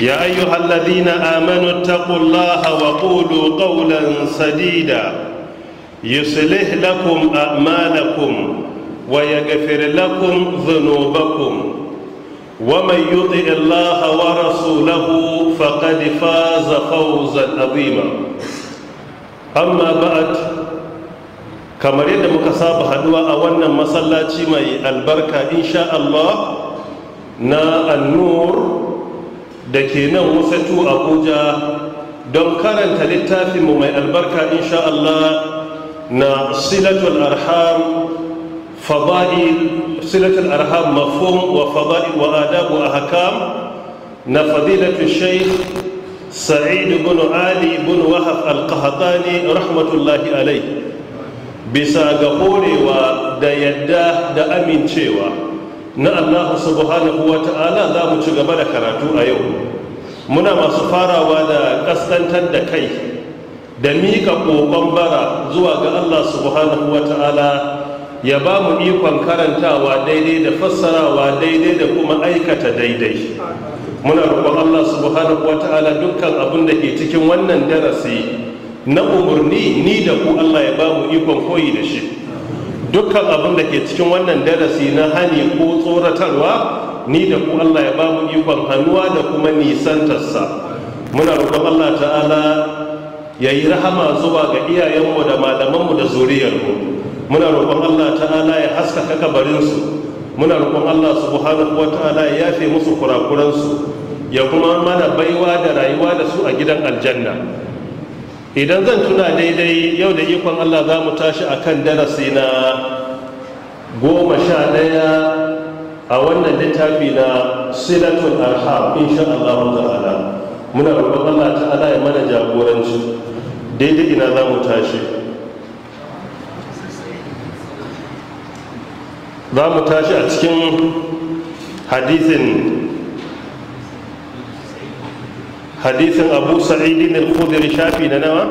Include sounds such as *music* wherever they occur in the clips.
يا أيها الذين آمنوا اتقوا الله وقولوا قولا سديدا يصلح لكم أعمالكم ويغفر لكم ذنوبكم ومن يطع الله ورسوله فقد فاز فوزا عظيما أما بعد كما يد مكساب هدوء أولنا مسلاتي مي البركة إن شاء الله نا النور da ke nan wasatu abuja don karanta littafinmu mai albarka insha Allah na silatul arham fada'il silatul arham mafhum wa fada'il wa adab wa ahkam na fadilatu shaykh sa'id بن علي بن وهب alai bisa ga horewa da yadda da amincewa na Allah subhanahu wa ta'ala za mu ci gaba da karatu a yau muna masu farawa da kaskantar da kai da mika ƙoƙon bara zuwa ga Allah subhanahu wa ta'ala ya ba mu ikon karantawa daidai da fassarawa daidai da kuma aikata daidai muna roƙon Allah subhanahu wa ta'ala dukkan abin da ke cikin wannan darasi na umarni ni da ku Allah ya ba mu ikon koyi da shi dukkan abin da ke cikin wannan darasi na hani ko tsoratarwa ni da ku Allah ya bamu ikon hannuwa da kuma nisantarsa muna roƙon Allah ta'ala ya yi rahama zuwa ga iyayenmu da malamanmu da zuriyarmu muna roƙon Allah ta'ala ya haskaka kabarinsu muna roƙon Allah subhanahu wata'ala ya yafe musu kurakuransu ya kuma mana baiwa da rayuwa da su a gidan aljanna idan zan tuna daidai yau da ikon allah za mu tashi a kan darasi na goma sha ɗaya a wannan littafi na arha. arham insha allah ala muna roƙon allah ta'ala ya mana jagoranci daidai ina za mu tashi za mu tashi a cikin hadisin hadisin abu sa'idin al-khudri shafi na nawa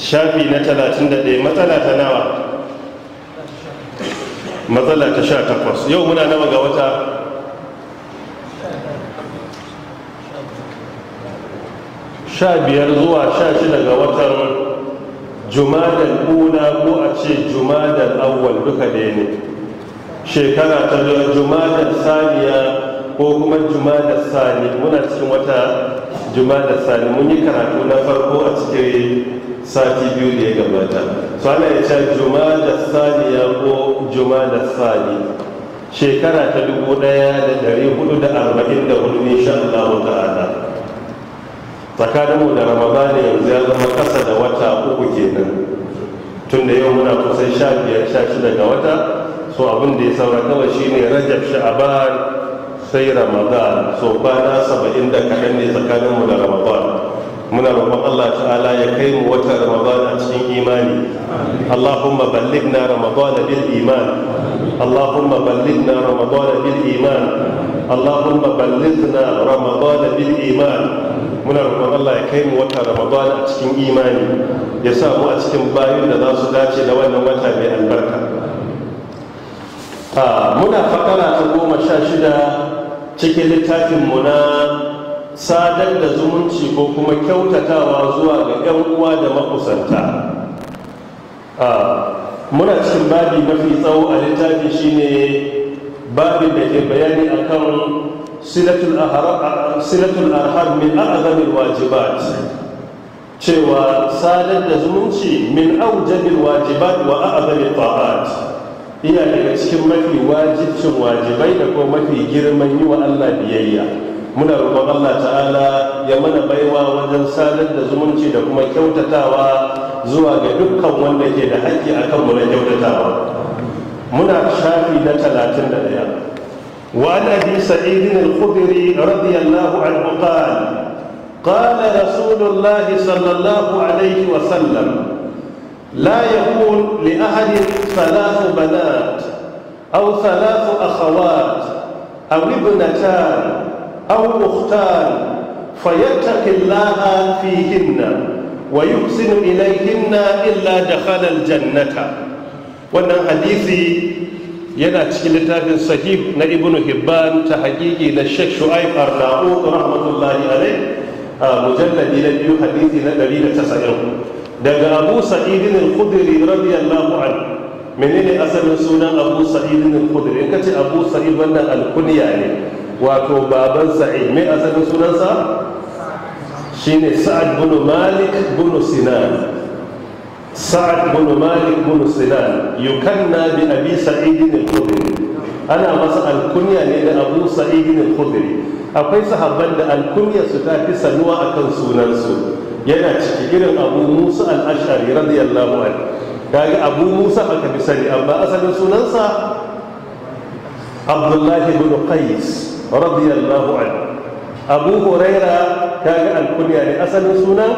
shafi na 31 matsala ta nawa matsala ta 18 yau muna nawa ga wata sha biyar zuwa sha shida ga watan jumadar una ko a ce jumadar awwal duka da ne shekara ta jumadar saniya ko kuma da sani muna cikin wata da sani mun yi karatu na farko a cikin sati biyu da ya gabata su ana ya Juma da sani ya ko da sani shekara ta 1444 sha Allah ta'ala tsakaninmu da ramadana yanzu ya zama kasa da wata uku kenan tun da yau muna kusan sha biyar sha shida ga wata so abin da ya saura kawai shine rajab sha'aban sai ramadan so kwana saba'in da kaɗan ne tsakaninmu da ramadan muna roƙon allah ta'ala ya kai mu wata ramadan a cikin imani allahumma balligna ramadan bil iman allahumma balligna ramadan bil iman allahumma balligna ramadan bil iman muna roƙon allah ya kai mu wata ramadan a cikin imani ya sa mu a cikin bayin da za su dace da wannan wata mai albarka ah, muna fakara ta goma sha shida cikin littafinmu na sadar da zumunci ko kuma kyautatawa zuwa ga 'yan uwa da makusanta muna cikin babi mafi tsawo a littafi shine babin da ke bayani akan silatul arhar min a'zamil wajibat cewa sadar da zumunci min aujabil wajibat wa a'zamil ta'at iya daga cikin mafi wajibcin wajibai da kuma mafi girman yi wa Allah biyayya muna roƙon Allah ta'ala ya mana baiwa wajen sadar da zumunci da kuma kyautatawa zuwa ga dukkan wanda ke da haƙƙi akan mu na kyautatawa muna shafi na talatin da ɗaya Wa ابي سعيد sa'idin al-khudri radiyallahu anhu qala رسول rasulullahi sallallahu alaihi wa لا يكون لأحد ثلاث بنات أو ثلاث أخوات أو ابنتان أو أختان فيتقي الله فيهن ويحسن إليهن إلا دخل الجنة وأن حديثي ينا كتاب صحيح ابن هبان تحقيقي للشيخ شعيب أرناؤوط رحمة الله عليه آه، مجلد إلى حديث نبي تسعين daga abu sa'idin al-khudri radiyallahu anhu menene asalin sunan abu sa'idin al-khudri in kace abu sa'id wannan al-kunya ne wato baban sa'id me asalin sunansa shine sa'ad bin malik bin sinan sa'ad bin malik bin sinan yukanna bi abi sa'idin al-khudri ana masa al-kunya ne da abu sa'idin al-khudri akwai sahabban da al-kunya su ta fi sanuwa akan sunansu yana ciki irin abu musa al'ashari radiyallahu anhu kaga abu musa aka bi sani amma asalin sunansa abdullahi bin qais radiyallahu anhu abu huraira al alkunya ne asalin sunan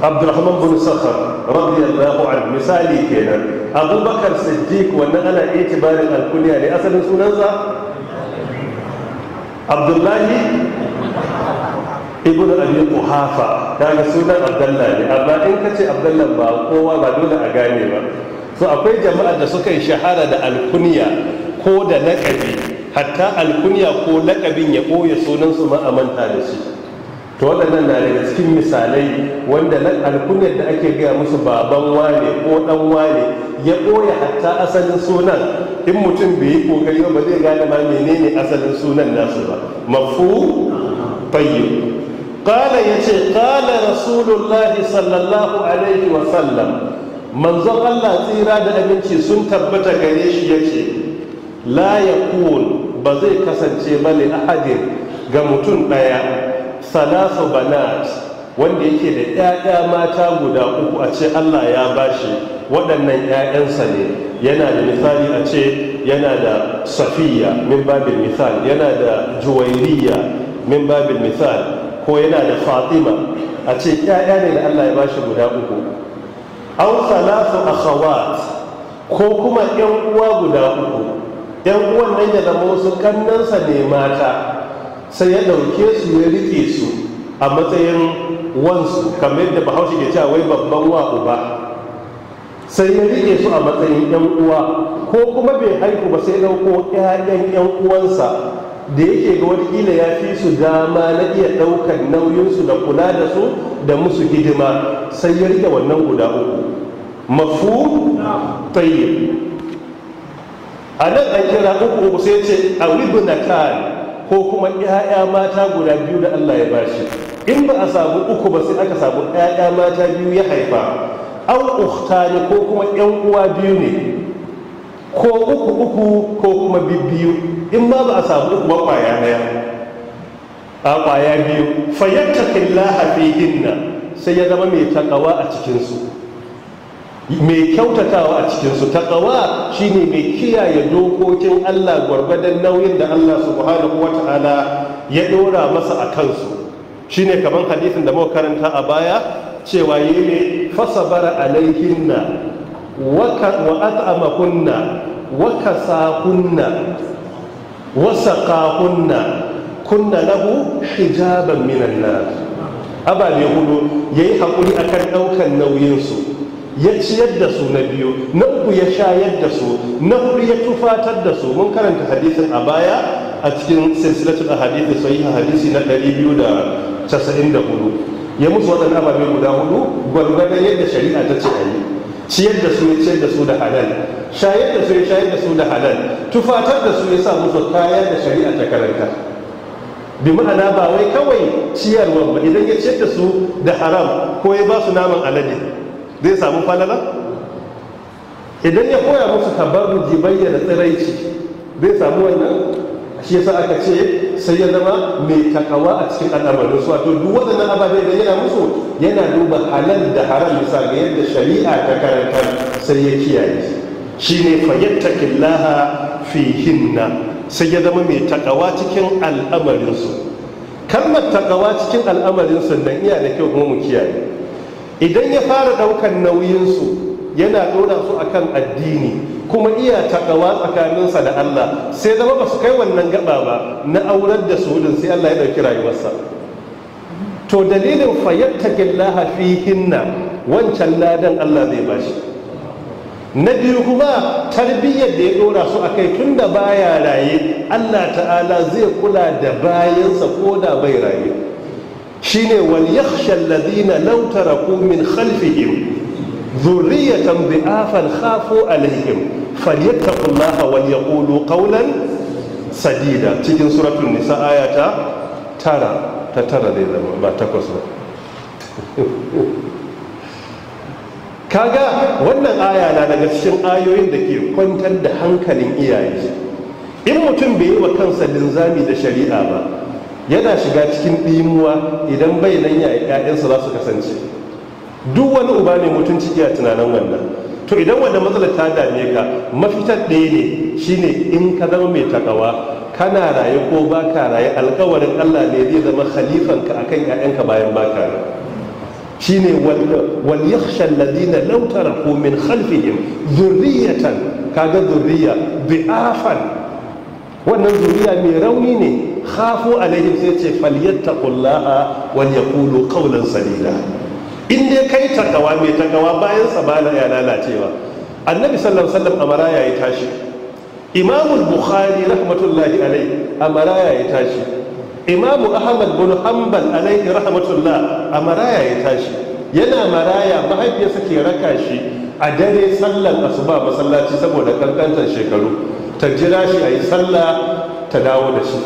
abdurrahman bin sakhar radiyallahu anhu misali kenan abubakar siddiq wannan ana itibarin alkunya ne asalin sunansa abdullahi ibnu abi quhafa kaga sunan abdullah ne amma in kace ce abdullah ba kowa ba dole a gane ba so akwai jama'a da suka yi shahara da alkunya ko da laƙabi hatta alkunya ko lakabin ya ɓoye sunansu ma a manta da shi to waɗannan na daga cikin misalai wanda alkunyar da ake gaya musu baban wane ko dan wane ya boye hatta asalin sunan in mutum bai yi ƙoƙari ba zai gane ma menene asalin sunan nasu ba mafu fayyo ya yace qala rasulullahi sallallahu alaihi wa sallam manzon Allah tsira da aminci sun tabbata gare shi yace la yakun ba zai kasance ba li ahadin ga mutum ɗaya. salasu banat wanda yake da 'ya'ya mata guda uku a ce Allah ya bashi waɗannan 'ya'yansa ne yana da misali a ce yana da safiya min babin misal yana da juwairiya min babin misal ko yana da fatima a ce ƴaƴa ne da Allah ya ba shi guda uku aw salatu akhawat ko kuma ƴan uwa guda uku ƴan uwan nan ya zama wasu ƙannansa ne mata sai ya ɗauke su ya rike su a matsayin wansu kamar yadda bahaushe ke cewa wai babban wa uba sai ya rike su a matsayin ƴan uwa ko kuma bai haihu ba sai ya ɗauko ƴaƴan ƴan uwansa da yake ga watakila ya fi su dama na iya ɗaukar nauyinsu da kula da su da musu gidima, sai ya rike wannan guda uku mafu tayi a nan an kira uku uku sai ce a na kan ko kuma 'ya'ya mata guda biyu da allah ya bashi in ba a samu uku ba sai aka samu 'ya'ya mata biyu ya haifa au ukhtani ko kuma 'yan uwa biyu ne ko uku uku ko kuma biyu in ma ba a samu uku ba kwaya daya a kwaya biyu fayyattakillaha fihinna sai ya zama mai takawa a cikinsu mai kyautatawa a cikinsu takawa shine mai kiyaye dokokin Allah gwargwadon nauyin da Allah subhanahu Ta'ala ya dora masa a kansu Shi ne kamar hadisin da muka karanta a baya cewa fasa bara alaikin na wa at'amahunna wa kunna lahu hijaban minan ababe hudu yayi hakuri akan daukan nauyin su ya ciyar da su na biyu na uku ya shayar da su na hudu ya tufatar da su mun karanta hadisin a baya a cikin silsilatul ahadithi sai hadisi na 294 ya musu waɗanda ababe guda hudu gwargwadon yadda shari'a ta ce a yi ciyar da su ya ciyar da su da halal shayar da su ya shayar da su da halal tufatar da su ya sa musu kaya da shari'a ta karanta bi ma'ana ba wai kawai ciyarwa ba idan ya ciyar da su da haram ko ya ba su naman alade zai samu falala idan ya koya musu tabarruji bayyana tsiraici zai samu wannan shi yasa aka ce sai ya zama mai takawa a cikin al'amarin su wato duk waɗannan ababe da yana musu yana duba halal da haram bisa ga yadda shari'a ta karanta sai ya kiyaye shi ne fayyattakillaha hinna sai ya zama mai takawa cikin al'amarin su kalmar takawa cikin al'amarin su nan iya da kyau kuma mu kiyaye idan ya fara ɗaukan nauyin su yana ɗora su a kan addini kuma iya takawa tsakaninsa da Allah sai zama ba su kai wannan gaba ba na aurar da su din sai Allah ya dauki rayuwarsa to dalilin fi hinna wancan ladan Allah zai bashi na biyu kuma tarbiyyar da ya ɗora su akai da baya raye Allah ta'ala zai kula da bayansa ko da bai raye shine wal yakhsha alladhina law taraku min khalfihim zurriyatan bi'afan khafu alaihim falyattaqullaha ya yaqulu qawlan sadida cikin suratul nisa ayata tara ta tara zai zama ba takwas ba *laughs* kaga wannan aya na daga cikin ayoyin da ke kwantar da hankalin iyaye in mutum bai yi wa kansa linzami da shari'a ba yana shiga cikin ɗimuwa idan bai nan 'ya'yansa za su kasance duk wani uba mai mutunci a tunanin wannan to idan wanda matsalar ta dame ka mafitar ɗaya ne shine in ka zama mai takawa kana raye ko ba ka raye alkawarin allah ne zai zama khalifanka akan 'ya'yanka bayan ba ka raye shine wal yakhsha alladhina law taraku min khalfihim dhurriyatan kaga dhurriya bi'afan wannan zuriya mai rauni ne khafu alaihim sai ce falyattaqullaha wal yaqulu qawlan sadida in dai kai takawa mai takawa bayan sabana ya lalacewa annabi sallallahu alaihi wasallam amara ya tashi imamu bukhari rahmatullahi alai amara ya tashi imamu ahmad bin hanbal rahmatulla rahmatullah amara ya tashi yana maraya mahaifiyarsa ke raka shi a dare sallar asuba masallaci saboda kankantar shekaru ta jira shi a yi sallah ta dawo da shi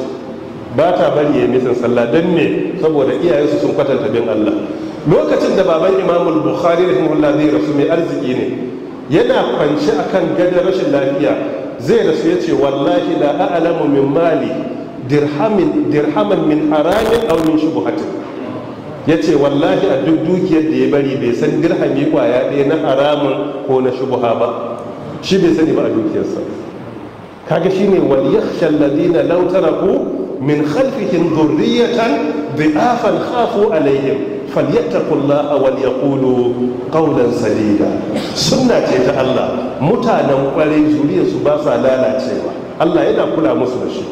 ba ta bari ya misin sallah don ne saboda iyayensu sun kwatanta bin allah lokacin da baban imamul bukhari rahimahullah zai rasu mai arziki ne yana kwance kan gadon rashin lafiya zai rasu ya ce wallahi la a'lamu min mali dirhaman min haramin aw min ya ce wallahi a duk dukiyar da ya bari bai san dirhami kwaya ɗaya na haramun ko na buha ba shi bai sani ba a dukiyarsa kaga ne wal yakhsha alladhina law taraku min zurriyatan dhurriyatan afan khafu alaihim falyattaqullaha wal yaqulu qawlan sadida sunna ce ta Allah mutanen kwarai zuriya su ba sa lalacewa Allah yana kula musu da shi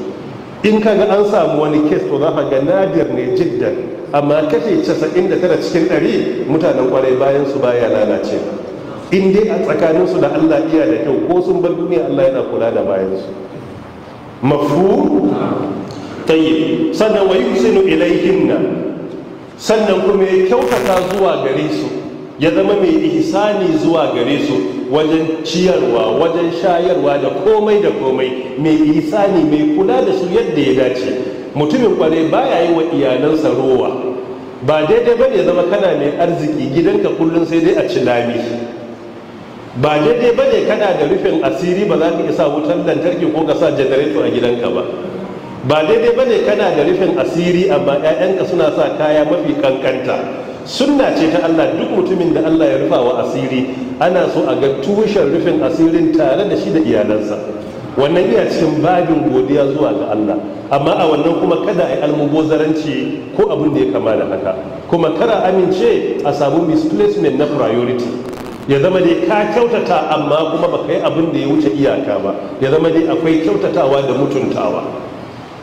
in ka ga an samu wani kes to za ka ga nadir ne jiddan amma da tara cikin 100 mutanen kwarai bayan su baya lalacewa in dai a tsakaninsu da Allah iya da kyau ko sun bar duniya Allah yana kula da bayansu mafhum tayyib sannan wa yusinu sannan kuma ya kyautata zuwa gare su ya zama mai ihsani zuwa gare su wajen ciyarwa wajen shayarwa da komai da komai mai ihsani mai kula da su yadda ya dace mutumin kwarai baya yi wa iyalansa rowa ba daidai bane ya zama kana mai arziki gidanka kullum sai dai a ci lami ba daidai bane kana da rufin asiri ba za ka isa wutar lantarki ko ka sa janareto a gidanka ba ba daidai bane kana da rufin asiri amma 'ya'yanka suna sa kaya mafi kankanta sunna ce ta Allah duk mutumin da Allah ya rufa wa asiri ana so a ga tushen rufin asirin tare da shi da iyalansa wannan iya cikin babin godiya zuwa ga Allah amma a wannan kuma kada a yi almubozaranci ko abin da ya kama da haka kuma kara amince a samu misplacement na priority ya zama dai ka kyautata amma kuma baka yi abin da ya wuce iyaka ba ya zama dai akwai kyautatawa da mutuntawa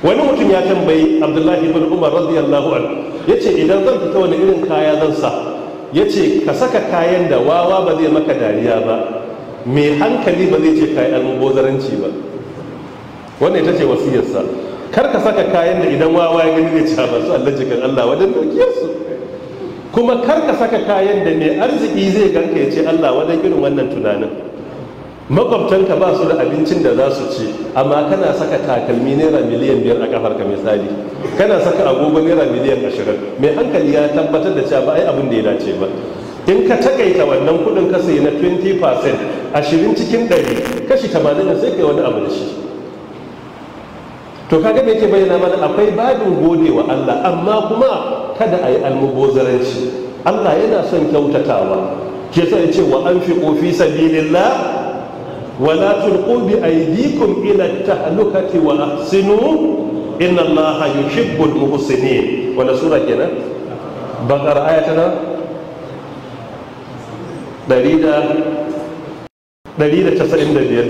wani mutum ya tambayi abdullahi ibn umar radiyallahu an ce idan zan fita wani irin kaya zan sa ya ce ka saka kayan da wawa ba zai maka dariya ba mai hankali ba zai ce kayan almubozaranci ba wannan ita ce wasiyarsa kar ka saka kayan da idan wawa ya gani zai ci ba su Allah jikin Allah wajen dukiyarsu kuma kar ka saka kayan da mai arziki zai ganka ya ce Allah wajen irin wannan tunanin makwabtanka ba su da abincin da za su ci amma kana saka takalmi naira miliyan biyar a kafarka misali kana saka agogo naira miliyan ashirin mai hankali ya tabbatar da cewa ba ai abin da ya dace ba in ka takaita wannan kudin ka sayi na 20% ashirin cikin ɗari kashi tamanin sai kai wani abu da shi to kaga me yake bayyana mana akwai babin gode wa Allah amma kuma kada a yi almubozaranci Allah yana son kyautatawa ke sa ya ce wa an fi kofi sabilillah wala tulqu bi aydikum ila tahlukati wa ahsinu inna allaha yuhibbul muhsinin wala sura kenan bakar ayatana 195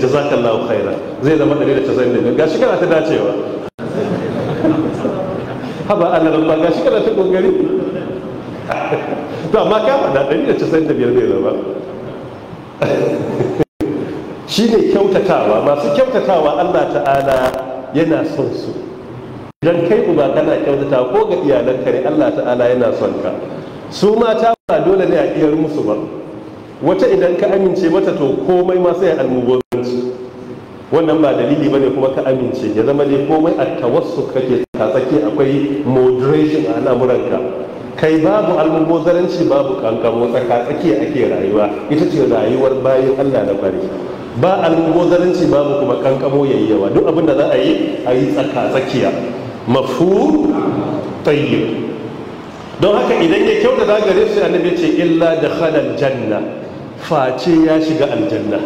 jazakallahu khaira zai zama 195 gashi kana ta dacewa haba Allah rabba gashi kana ta kokari to amma ka faɗa 195 zai zama shi ne kyautatawa masu kyautatawa allah ta'ala yana son su idan kai uba kana kyautatawa ko ga iyalanka ne allah ta'ala yana son ka su mata ba dole ne a iyar musu ba wata idan ka amince mata to komai masu sai almubobanci wannan ba dalili ba ne kuma ka amince ya zama ne komai a tawassu kake tsaki akwai moderation a al'amuranka kai babu almubozaranci babu kankan tsaka tsaki ake rayuwa ita ce rayuwar bayan allah na kwari ba ba babu kuma kankamo yayyawa duk abin da za a yi a yi tsaka tsakiya mafu tayyib don haka idan ya kyautata za gare su annabi ce illa da halal janna face ya shiga aljanna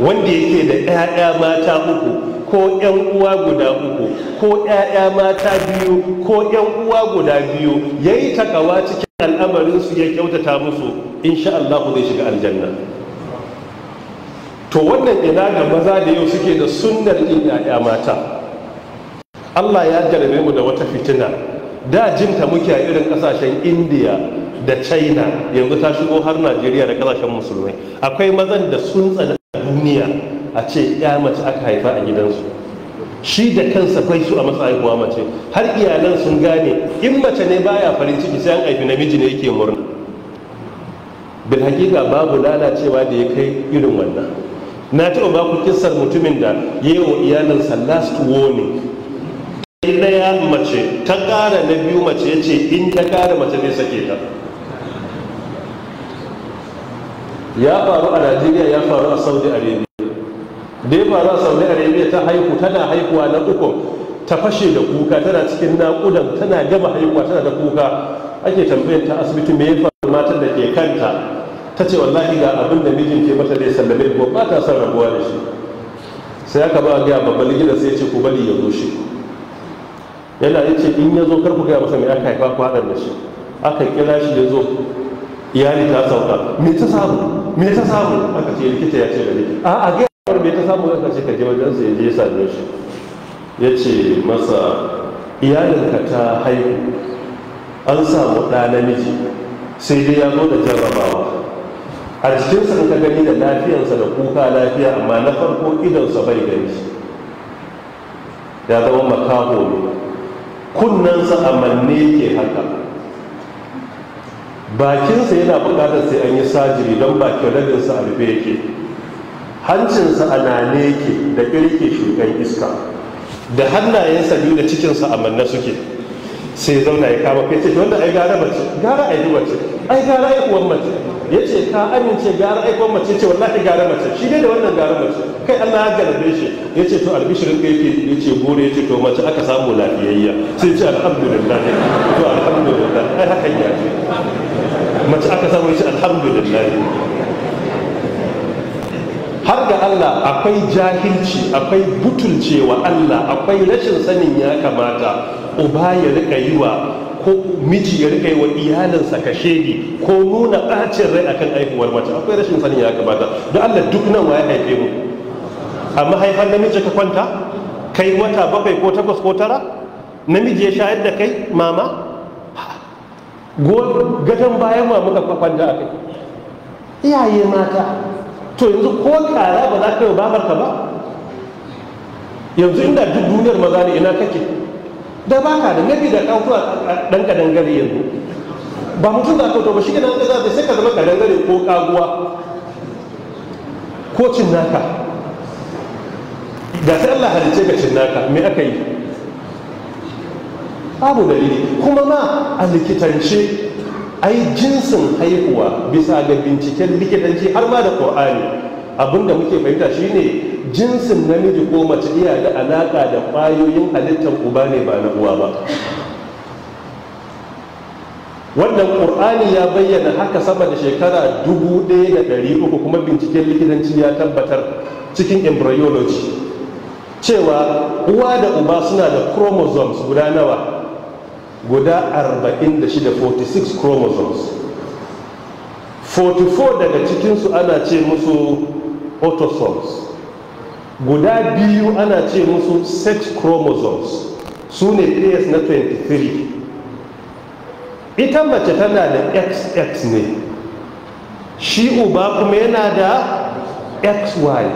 wanda yake da 'ya'ya mata uku ko 'yan uwa guda uku ko 'ya'ya mata biyu ko 'yan uwa guda biyu ya yi takawa cikin al'amarinsu ya kyautata musu insha Allah zai shiga aljanna to wannan ina ga maza da yau suke da sunnar yin ya'ya mata allah ya jarabe mu da wata fitina da jinta muke a irin kasashen indiya da china yanzu ta shigo har najeriya da kasashen musulmai akwai mazan da sun tsada duniya a ce ya mace aka haifa a gidansu shi da kansa kai su a matsayin kuwa mace har iyalan sun gane in mace ne baya farin ciki sai an haifi namiji ne yake murna bil hakika babu lalacewa da ya kai irin wannan na taɓa ba ku kissar mutumin da ya yi wa iyalinsa last warning ɗaya mace ta ƙara na biyu mace ya ce in ta ƙara mace ne sake ta ya faru a najeriya ya faru a saudi arabia da ya faru a saudi arabia ta haihu tana haihuwa na uku ta fashe da kuka tana cikin naƙudan tana gama haihuwa tana da kuka ake tambayar ta asibiti me ya faru matan da ke kanta ta ce wallahi ga abin da mijin ke mata da ya sallame ko ba ta son rabuwa da shi sai aka ba gaya babban likita sai ce ku bari ya zo shi yana ya ce in ya zo kar ku gaya masa mai aka haifa ku haɗar da shi aka kira shi ya zo iyali ta sauka me ta samu me ta samu aka ce likita ya ce gari a a gaya me ta samu aka ce ka je wajen ya je ya shi ya ce masa iyalinka ta haihu an samu ɗa namiji sai dai ya zo da jarrabawa a jikinsa in ka gani da lafiyansa da kuka lafiya amma na farko idonsa bai gani ya zama makaho ne kunnansa a manne ke haka bakinsa yana bukatar sai an yi sajiri don bakin rabinsa a rufe yake hancinsa a nane ke da ƙirƙe shugan iska da hannayensa biyu da cikinsa a manne suke sai zauna ya kama kai ce wanda ai gara mace gara ai duwace ai gara ai uwan mace ya ce ka amince gara aikon mace ce wallahi gara mace shi dai da wannan gara mace kai Allah ya garbe shi ya ce to albishirin ka ke ya ce gore ya ce to mace aka samu lafiyayya sai ce alhamdulillah to alhamdulillah ai haka ya ce mace aka samu shi alhamdulillah har ga Allah akwai jahilci akwai butulcewa Allah akwai rashin sanin ya kamata uba ya rika yi wa ko miji ya rike wa iyalinsa ka shege, ko nuna ɓacin rai akan aihuwar mace akwai rashin sanin ya kamata don allah duk nan wa ya haife mu a mahaifar namiji ka kwanta kai wata bakwai ko takwas ko tara namiji ya shayar da kai mama gadon bayan ma muka kwanta a kai iyaye mata to yanzu ko kara ba za ka yi babarka ba yanzu inda duk duniyar maza ne ina kake da ba ka da biyu da kawo a ɗan kadangare yanzu ba mutum za ka ba shi kenan za zaɓe sai ka zama kadangare ko kaguwa ko cin naka da sai Allah halice ka cin naka me aka yi babu dalili kuma ma a likitance ai jinsin haihuwa bisa ga binciken likitanci har ma da ƙur'ani abinda muke fahimta shine jinsin namiji ko mace iya da alaƙa da ƙwayoyin halittar uba ne ba na uwa ba wannan ƙur'ani ya bayyana haka sama da shekara 1300 kuma binciken likitanci ya tabbatar cikin embryology cewa uwa da uba suna da chromosomes guda nawa guda 46 46 chromosomes 44 daga cikinsu ana ce musu autosomes guda biyu ana ce musu sex chromosomes su ne pairs na 23 ita mace tana da xx ne shi uba kuma yana da xy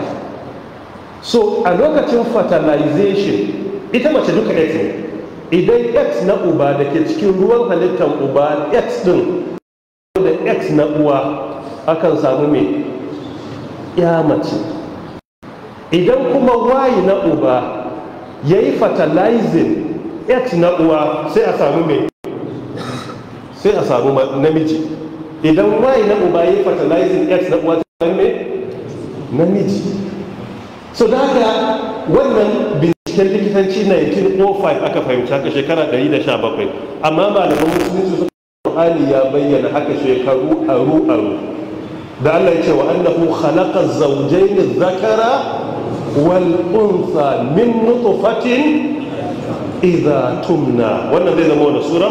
so a lokacin fertilization ita mace duka x ne idan x na uba da ke cikin ruwan halittar uba x din da x na uwa akan samu mai ya mace idan kuma y na uba ya yi fertilizing h na uwa sai a samu mai sai a samu namiji idan y na uba ya yi fertilizing h na uwa sai a mai namiji so da haka wannan binciken likitanci 1905 aka fahimci haka shekara 117 amma malaman musulunci su ya bayyana haka shekaru aru aru da Allah ya ce wa annahu khalaqa zawjayn adh-dhakara wal untha min nutfatin idha tumna wannan zai zama wannan sura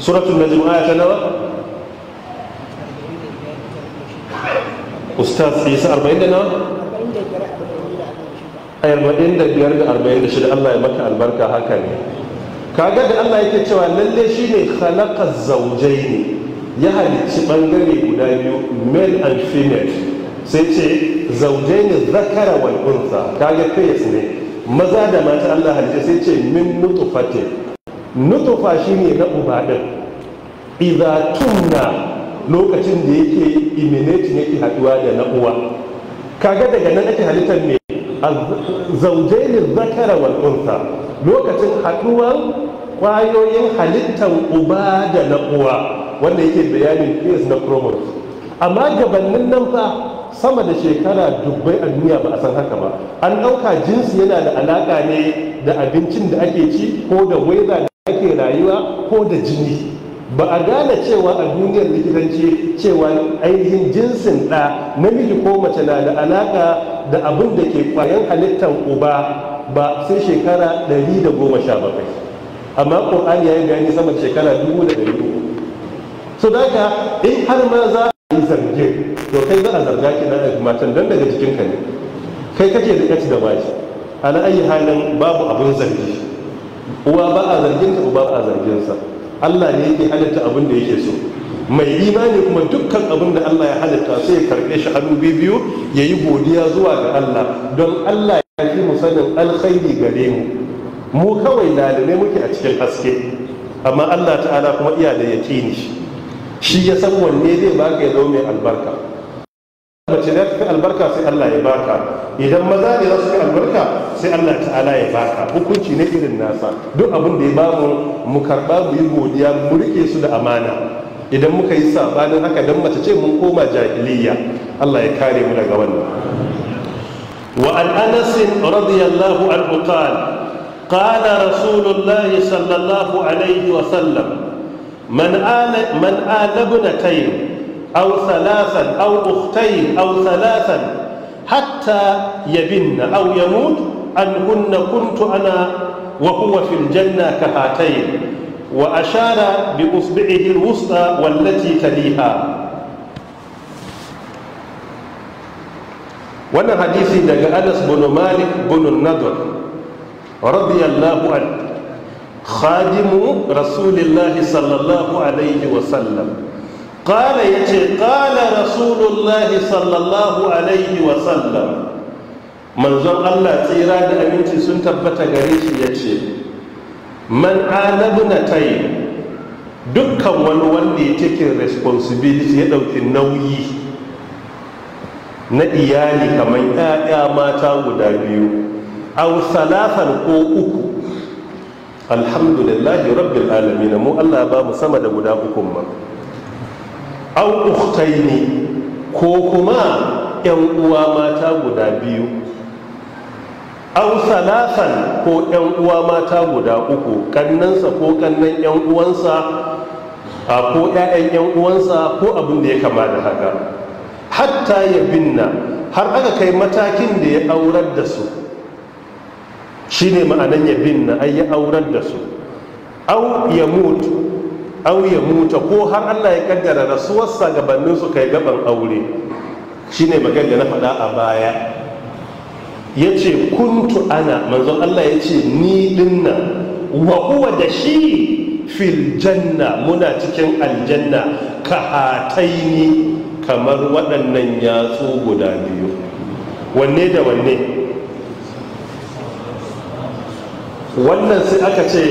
suratul najm aya ta nawa ustaz sa 40 da nawa arba'in da biyar da 46 Allah ya maka albarka haka ne kaga da Allah yake cewa lalle shine khalaqa zawjayn ya halicci bangare guda biyu male and female sai ce ne zakara wal unsa kaga face ne maza da mata Allah halitta sai ce min nutufatin nutufa shine na uba din idza tunna lokacin da yake immunity yake haduwa da na uwa kaga daga nan ake halittar me zaujaini zakara wal unsa lokacin haduwan kwayoyin halittar uba da na uwa wanda yake bayanin case na chromosomes amma gabanin nan fa sama da shekara dubbai a duniya ba a san haka ba an ɗauka jinsi yana da alaƙa ne da abincin da ake ci ko da waiza da ake rayuwa ko da jini ba a gane cewa a duniyar likitanci cewa ainihin jinsin ɗa namiji ko mace na da alaƙa da abin da ke kwayan halittar uba ba sai shekara 117 amma ƙur'ani ya yi bayani sama da shekara 2013 so da haka in har ma za a yi zargin to kai za a zarga ki da matan dan daga Kai ka ne kai kake da kaci da baki ala ayi halin babu abun zargi uwa ba a zargin ta uba ba a zargin sa Allah ne yake halitta abin da yake so mai imani kuma dukkan abin da Allah ya halitta sai ya karbe shi hannu biyu ya yi godiya zuwa ga Allah don Allah ya fi mu alkhairi gare mu mu kawai na muke a cikin haske amma Allah ta'ala kuma iya da yaƙini shi shi ya san wanne zai baka ya zo mai albarka mace za ta fi albarka sai Allah ya baka idan maza ne za su albarka sai Allah ta'ala ya baka hukunci na irin nasa duk abin da ya bamu mu karba mu yi godiya mu rike su da amana idan muka yi sabanin haka dan mace ce mun koma jahiliya Allah ya kare mu daga wannan wa an anas radiyallahu anhu qala qala rasulullahi sallallahu alaihi wa sallam man alabna tayin aw salasan aw ukhtayn aw salasan hatta yabinna aw yamut an kunna kuntu ana wa huwa fil janna ka hatayn wa ashara bi usbi'ihi al-wusta wallati taliha wannan hadisi daga anas bin malik bin nadur radiyallahu anhu khadimu rasulillahi sallallahu alaihi wasallam ƙala ya ce ƙala rasulullahi sallallahu alaihi wasallam manzon allah tsira da aminci sun tabbata gare shi ya ce man alabna tayi dukkan wani wanda ya take responsibility ya ɗauki nauyi na iyali kamar 'ya'ya mata guda biyu au salatan ko uku alhamdulillahi rabbil alamin mu Allah ba mu sama da guda uku ma aw ukhtaini ko kuma yan uwa mata guda biyu an salasan ko yan uwa mata guda uku kannansa ko kannan yan uwansa a ko ƴaƴan yan uwansa ko abin da ya kama da haka hatta ya binna har aka kai matakin da ya aurar da su shi ne ma'anan ya binna ai ya aurar da su au ya mutu au ya muta ko har allah ya kaddara rasuwarsa bannin su kai gaban aure shi ne magan na faɗa a baya ya ce kuntu ana manzon allah ya ce ni dinna wa huwa da shi fil janna muna cikin aljanna ka hataini kamar waɗannan yatsu guda biyu wanne da wanne wannan sai aka ce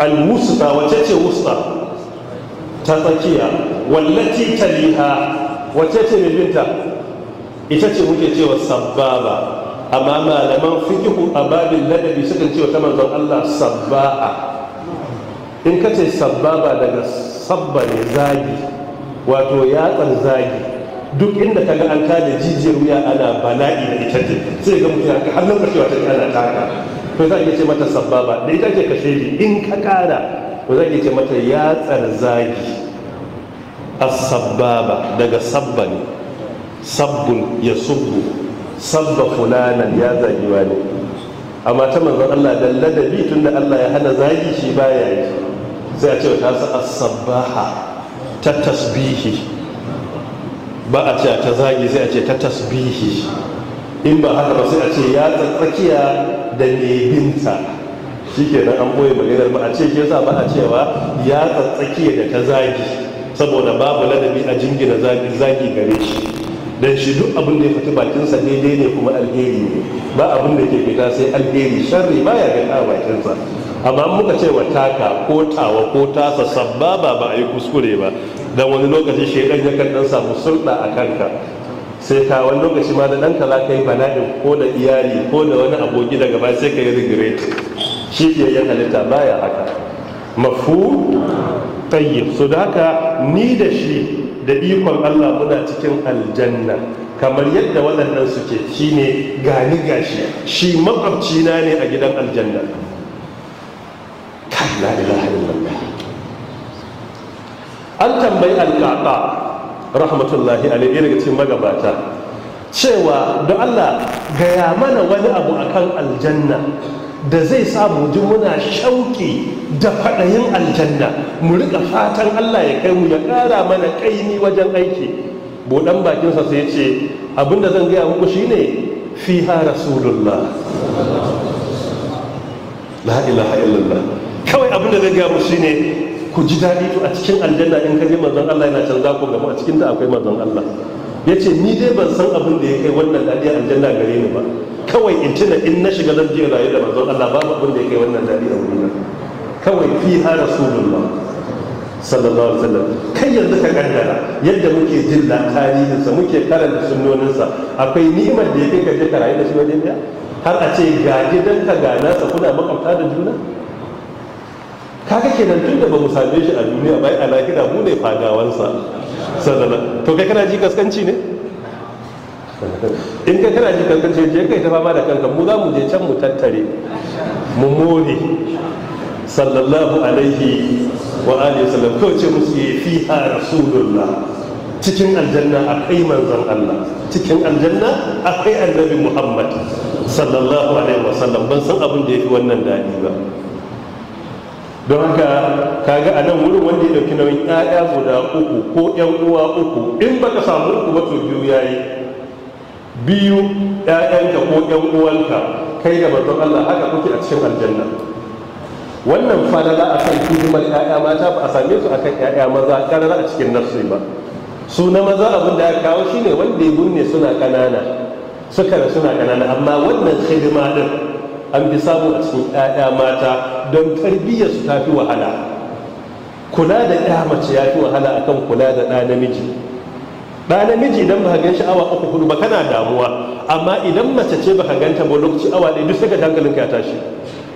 al musta wace ce wusta ta tsakiya wallati taliha wace ce bibinta ita ce muke cewa Sabbaba, amma malaman fikihu a babin ladabi sukan cewa ta manzon Allah sabba'a in ka ce Sabbaba daga sabba ne zagi wato yatsar zagi duk inda ka ga an kada jijiyar wuya ana bala'i da ita ce sai ga mutum hannun ka kashewa ta ana taka to za a iya ce mata sababa da ita ce kashe in ka kara to za a iya ce mata yatsar zagi A sababa daga sabba ne sabbun ya subbu sabba fulanan ya zagi wani amma ta manzan Allah da ladabi tun da Allah ya hana zagi shi baya yi sai a ce ta sa a sabbaha ta tasbihi ba a ce ta zagi sai a ce ta tasbihi in ba haka ba sai a ce ya tsakiya da mai binta shi ke nan an boye maganar ba a ce ke sa ba a cewa ya tsatsake da ta zagi saboda babu ladabi a jingina zagi gare shi dan shi duk abin da ya fita bakinsa daidai ne kuma alheri ne ba abin da ke fita sai alheri sharri ba ya gada a bakinsa amma muka ce wa taka ko tawa ko tasa sabba ba ba a yi kuskure ba dan wani lokaci shaidan yakan dan samu sulɗa a kanka sai ka wani lokaci ma da ɗanka za ka yi bana'in ko da iyali ko da wani aboki daga ba sai ka yi rigire shi fiyayyen halitta baya haka mafu tayyib so da haka ni da shi da ikon Allah muna cikin aljanna kamar yadda waɗannan suke ne gani gashi shi makwabci na ne a gidan aljanna an tambayi alƙaƙa rahmatullahi alaihi daga cikin magabata cewa da Allah gaya mana wani abu akan aljanna da zai sa mu ji muna shauki da faɗayin aljanna mu riƙa fatan Allah ya kai mu ya ƙara mana ƙaimi wajen aiki buɗan bakinsa sai ce abinda zan gaya muku shine fiha rasulullah la ilaha illallah kawai abinda zan gaya muku shine ku ji daɗi a cikin aljanna in ka je manzon Allah yana canza ku gama a cikin da akwai manzon Allah ya ce ni dai ban san abin da ya kai wannan daɗi aljanna gare ni ba kawai in tuna in na shiga zan je rayu da manzon Allah babu abin da ya kai wannan daɗi a wurina kawai fi ha rasulullah sallallahu alaihi wasallam kai yanzu ka kaddara yadda muke jin tarihinsa muke karanta sunnoninsa akwai ni'imar da ya kai ka je ka rayu da shi wajen daya har a ce ga gidanka ga nasa kuna makwabta da juna kaga kenan tun da ba mu same shi a duniya bai a lahira mu ne fadawansa sannan to kai kana ji kaskanci ne in kai kana ji kaskanci je kai ta fama da kanka mu za mu je can mu tattare mu more sallallahu alaihi wa alihi wasallam to ce musu yi eh, fiha rasulullah cikin aljanna akwai manzon Allah cikin aljanna akwai annabi Muhammad sallallahu alaihi wasallam ban san abin da yake wannan dadi ba don haka kaga a nan wurin wanda ya dauki nauyin ƴaƴa guda uku ko ƴan uwa uku in baka samu uku ba to biyu yayi biyu ƴaƴanka ko ƴan uwanka kai da manzon Allah haka kuke a cikin aljanna wannan fadala a kan hidimar ƴaƴa mata ba a same su akan ƴaƴa maza karara a cikin nafsi ba su na maza abin da ya kawo shine wanda ya gunne suna ƙanana suka suna ƙanana amma wannan hidima din an fi samu a cikin 'ya'ya mata don tarbiyyar su ta fi wahala kula da 'ya mace ya fi wahala akan kula da ɗa namiji ɗa namiji idan ba gan shi awa uku hudu ba kana damuwa amma idan mace ce baka ganta ba lokaci awa ɗaya duk saka hankalinka ya tashi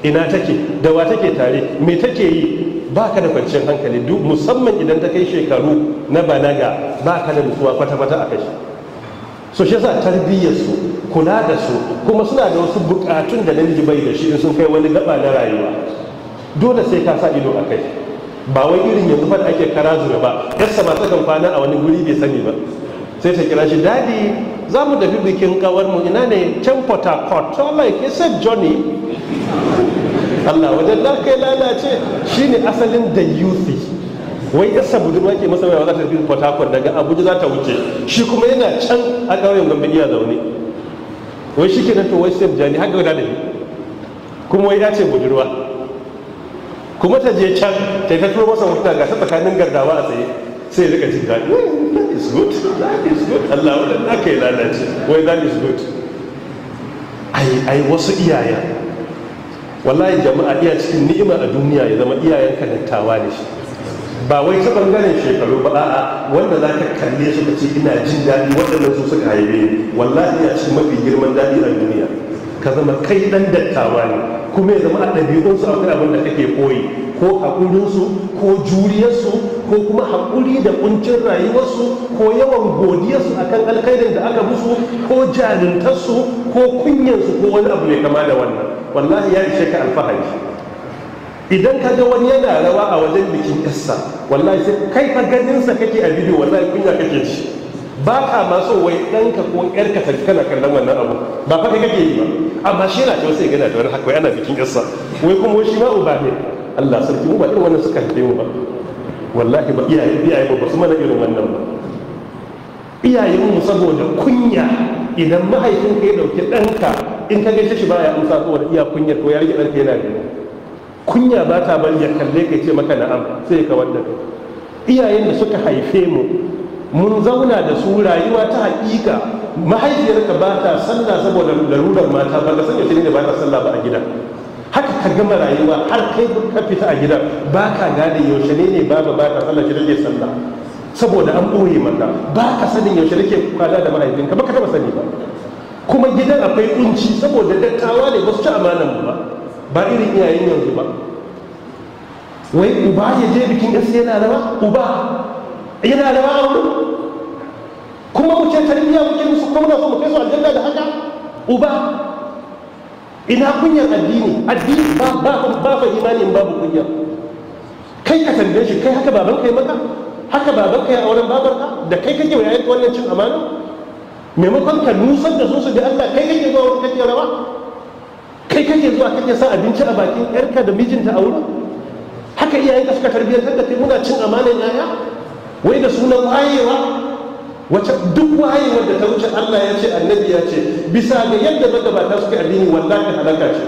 ina take da wa take tare me take yi ba ka da kwanciyar hankali Duk musamman idan ta kai shekaru na balaga ba ka da nutsuwa kwata-kwata a kai so shi yasa tarbiyyarsu kula da su kuma suna da wasu bukatun da namiji bai da shi in sun kai wani gaba na rayuwa dole sai ka sa ido a kai ba wai irin yanzu fa ake kara zura ba yarsa ba kan kwana a wani guri bai sani ba sai ta kira shi dadi za mu tafi bikin kawar mu ina ne can port harcourt to Allah ya said johnny *laughs* Allah wajen da kai lalace shine asalin da yusi wai yarsa budurwa ke masa waya za ta fi port harcourt daga abuja za ta wuce shi kuma yana can a ƙauyen gombe iya zaune wai shi nan to wai sai jani haka da shi kuma wai ya ce budurwa kuma ta je can ta yi ta turo masa hotuna ga ta tsakanin gardawa a tsaye sai ya rika jin daɗi that is good that is good allah wadda aka yi lalace wai that is good ai ai wasu iyayen wallahi jama'a iya cikin ni'ima a duniya ya zama iyayen dattawa ne shi ba wai ta bangaren shekaru ba a'a wanda za ka kalle su ka ce ina jin daɗi waɗannan su suka haife ni wallahi a cikin mafi girman daɗi a duniya ka zama kai ɗan dattawa ne kuma ya zama a ɗabi'unsu akwai abin da kake koyi ko su ko juriyarsu ko kuma haƙuri da ƙuncin rayuwarsu ko yawan godiyarsu akan alkhairin da aka musu ko su ko kunyarsu ko wani abu mai kama da wannan wallahi ya ishe ka alfahari idan ka ga wani yana rawa a wajen bikin kasa wallahi sai kai fa ganinsa kake a bidiyo wallahi kunya kake ji. ba ka ma so wai ɗanka ko ƴarka ta kana kallon wannan abu ba fa kai kake yi ba amma shi yana ta sai gana da wani haka ana bikin kasa wai kuma shi ma uba ne Allah sarki mu ba irin wannan suka haife mu ba wallahi ba iyaye iyaye ba su mana irin wannan ba iyayenmu saboda kunya idan mahaifin ka ya dauki ɗanka in ka ga shi baya amsa saboda iya kunyar ko ya rike ɗanka yana da kunya ba ta bari ya kalle ka ce maka na'am sai ka wanda kai iyayen da suka haife mu mun zauna da su rayuwa ta hakika mahaifiyarka ba ta sallah saboda larurar mata ba ka sanya shi ne ba ta sallah ba a gida haka ka gama rayuwa har kai ka fita a gida ba ka gane yaushe ne ne ba ba ta sallah shi ne sallah saboda an ɓoye maka ba ka sanin yaushe nake kwana da mahaifinka ba ka taɓa sani ba kuma gidan akwai kunci saboda dattawa ne ba su ci amanan mu ba ba irin iyayen yanzu ba wai uba ya je bikin yarsa yana rawa uba yana rawa a wurin kuma mu ce tarbiyya muke musu kuma muna so mu kai su aljanna da haka uba ina kunyar addini addini ba ba ba ba imanin babu kunya kai ka tambaye shi kai haka baban kai maka haka baban kai auren babarka da kai kake wayar wannan cin amana maimakon ka nusar da su su da Allah kai kake zuwa wurin kake rawa kai kake zuwa kake sa abinci a bakin yarka da mijinta a wurin haka iyayen da suka tarbiyyar da kai muna cin amanan yaya wai da sunan wayewa wace duk wayewar da ta wuce Allah ya ce annabi ya ce bisa ga yadda magabata suka addini wallahi halaka ce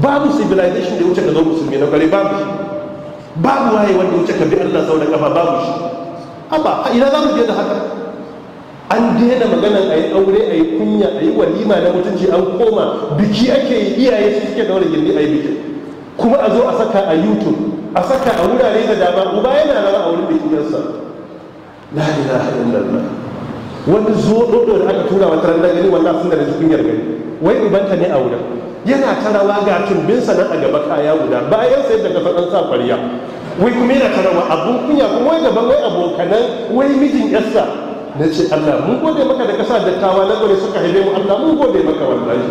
babu civilization da wuce ga zo musulmi na kare babu shi babu wayewar da wuce ka bi Allah sau da kafa babu shi amma ina za mu je da haka an daina maganan a yi aure a kunya a yi walima na mutunci an koma biki ake yi iyaye su suke daura gindi a yi bikin kuma a zo a saka a youtube a saka a wurare da dama uba yana rawa a wurin bikin yarsa la ilaha illallah wani zo da aka tura wata randa gani wanda sun da ji kunyar gani wai ubanta ne a wurin yana ta rawa ga tumbinsa nan a gaba kaya guda bayan sai da kafa an sa kwarya wai kuma yana ta abun kunya kuma wai gaban wai abokanan wai mijin yarsa na ce allah mun gode maka da kasa da tawa na gore suka haife mu allah mun gode maka wallahi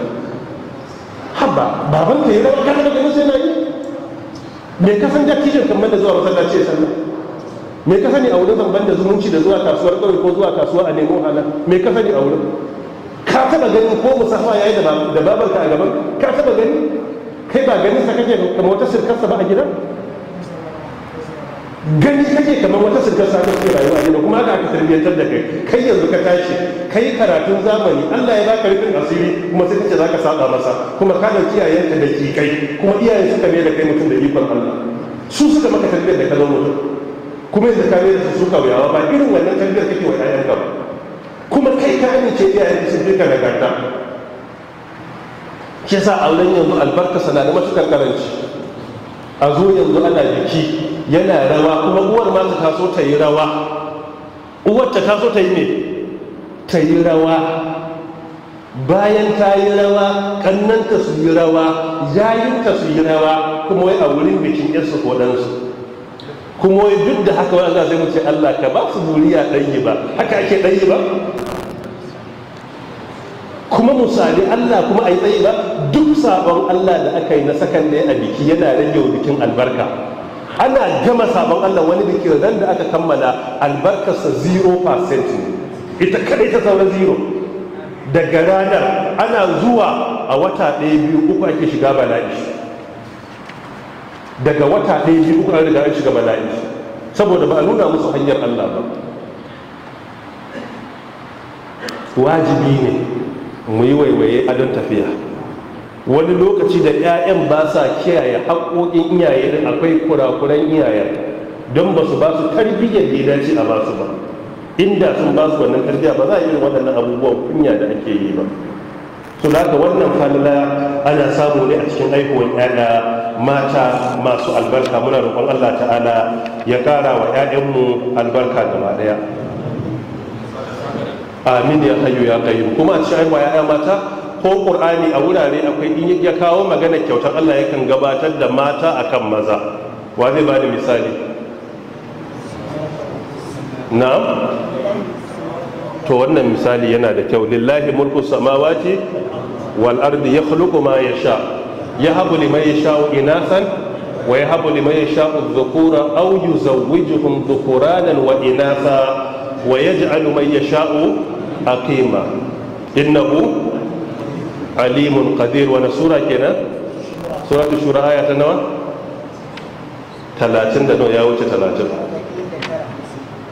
haba baban ta yi da kan kuma sai na yi me ka san dattijan kan da zuwa masallaci ya sallah me ka sani a wurin zamban da zumunci da zuwa kasuwar kawai ko zuwa kasuwa a nemo halal me ka sani a wurin ka taba ganin ko ya yi da babarka a gaban ka taba gani kai ba ganin sa kake kamar wata sirkarsa ba a gidan gani kake kamar wata sirkar samun ke rayuwa ne da kuma haka aka tarbiyyantar da kai kai yanzu ka tashi kai karatun zamani Allah ya baka rufin asiri kuma sai kace zaka saba masa kuma ka dauki iyayenka da kai kuma iyayen suka ne da kai mutum da ikon Allah su suka maka tarbiyyar da ka zama mutum kuma yanzu ka ne da su suka ba irin wannan tarbiyyar kake wa iyayenka ba kuma kai ka amince iyayenka sun fi ka nagarta shi yasa auren yanzu albarka sana da matukar karanci a zo yanzu ana biki yana rawa kuma uwar ma ta so ta yi rawa uwar ta so ta yi ne ta yi rawa bayan ta yi rawa kannanta su yi rawa yayinta su yi rawa kuma wai a wurin bikin yarsu ko ɗansu kuma wai duk da haka wani zai mu ce Allah ka ba su zuriya ɗanyi ba haka ake ɗanyi ba kuma misali Allah kuma a yi tsaye ba duk sabon Allah da aka yi na sakan ne a biki yana rage bikin albarka ana gama sabon Allah wani biki ran da aka kammala albarkarsa 0% ne ita kadai ta saura 0 daga ranar ana zuwa a wata ɗaya biyu uku ake shiga bala'i daga wata ɗaya biyu uku ake shiga bala'i saboda ba a nuna musu hanyar Allah ba wajibi ne mu yi waiwaye adon tafiya wani lokaci da 'ya'yan ba sa kiyaye haƙoƙin iyaye da akwai kurakuran iyaye don ba su ba su tarbiyyar da ya dace a masu ba inda sun ba su wannan tarbiyya ba za a yi waɗannan abubuwan kunya da ake yi ba su da wannan falala ana samu ne a cikin aihuwan 'ya'ya mata masu albarka muna roƙon allah ta'ala ya ƙara wa 'ya'yanmu albarka gaba ɗaya amin ya hayyu ya qayyum kuma a cikin ayar ya mata ko qur'ani a wurare akwai in ya kawo magana kyautar Allah yakan gabatar da mata akan maza wa zai bada misali na'am to wannan misali yana da kyau lillahi mulku samawati wal ardi yakhluqu ma yasha yahabu liman yasha'u inathan wa yahabu liman yasha'u dhukura aw yuzawwijuhum dhukuranan wa inasa wa yaj'alu man yasha'u aqima innahu alimun qadir wa sura kenan suratul shura aya ta nawa 30 ya wuce 30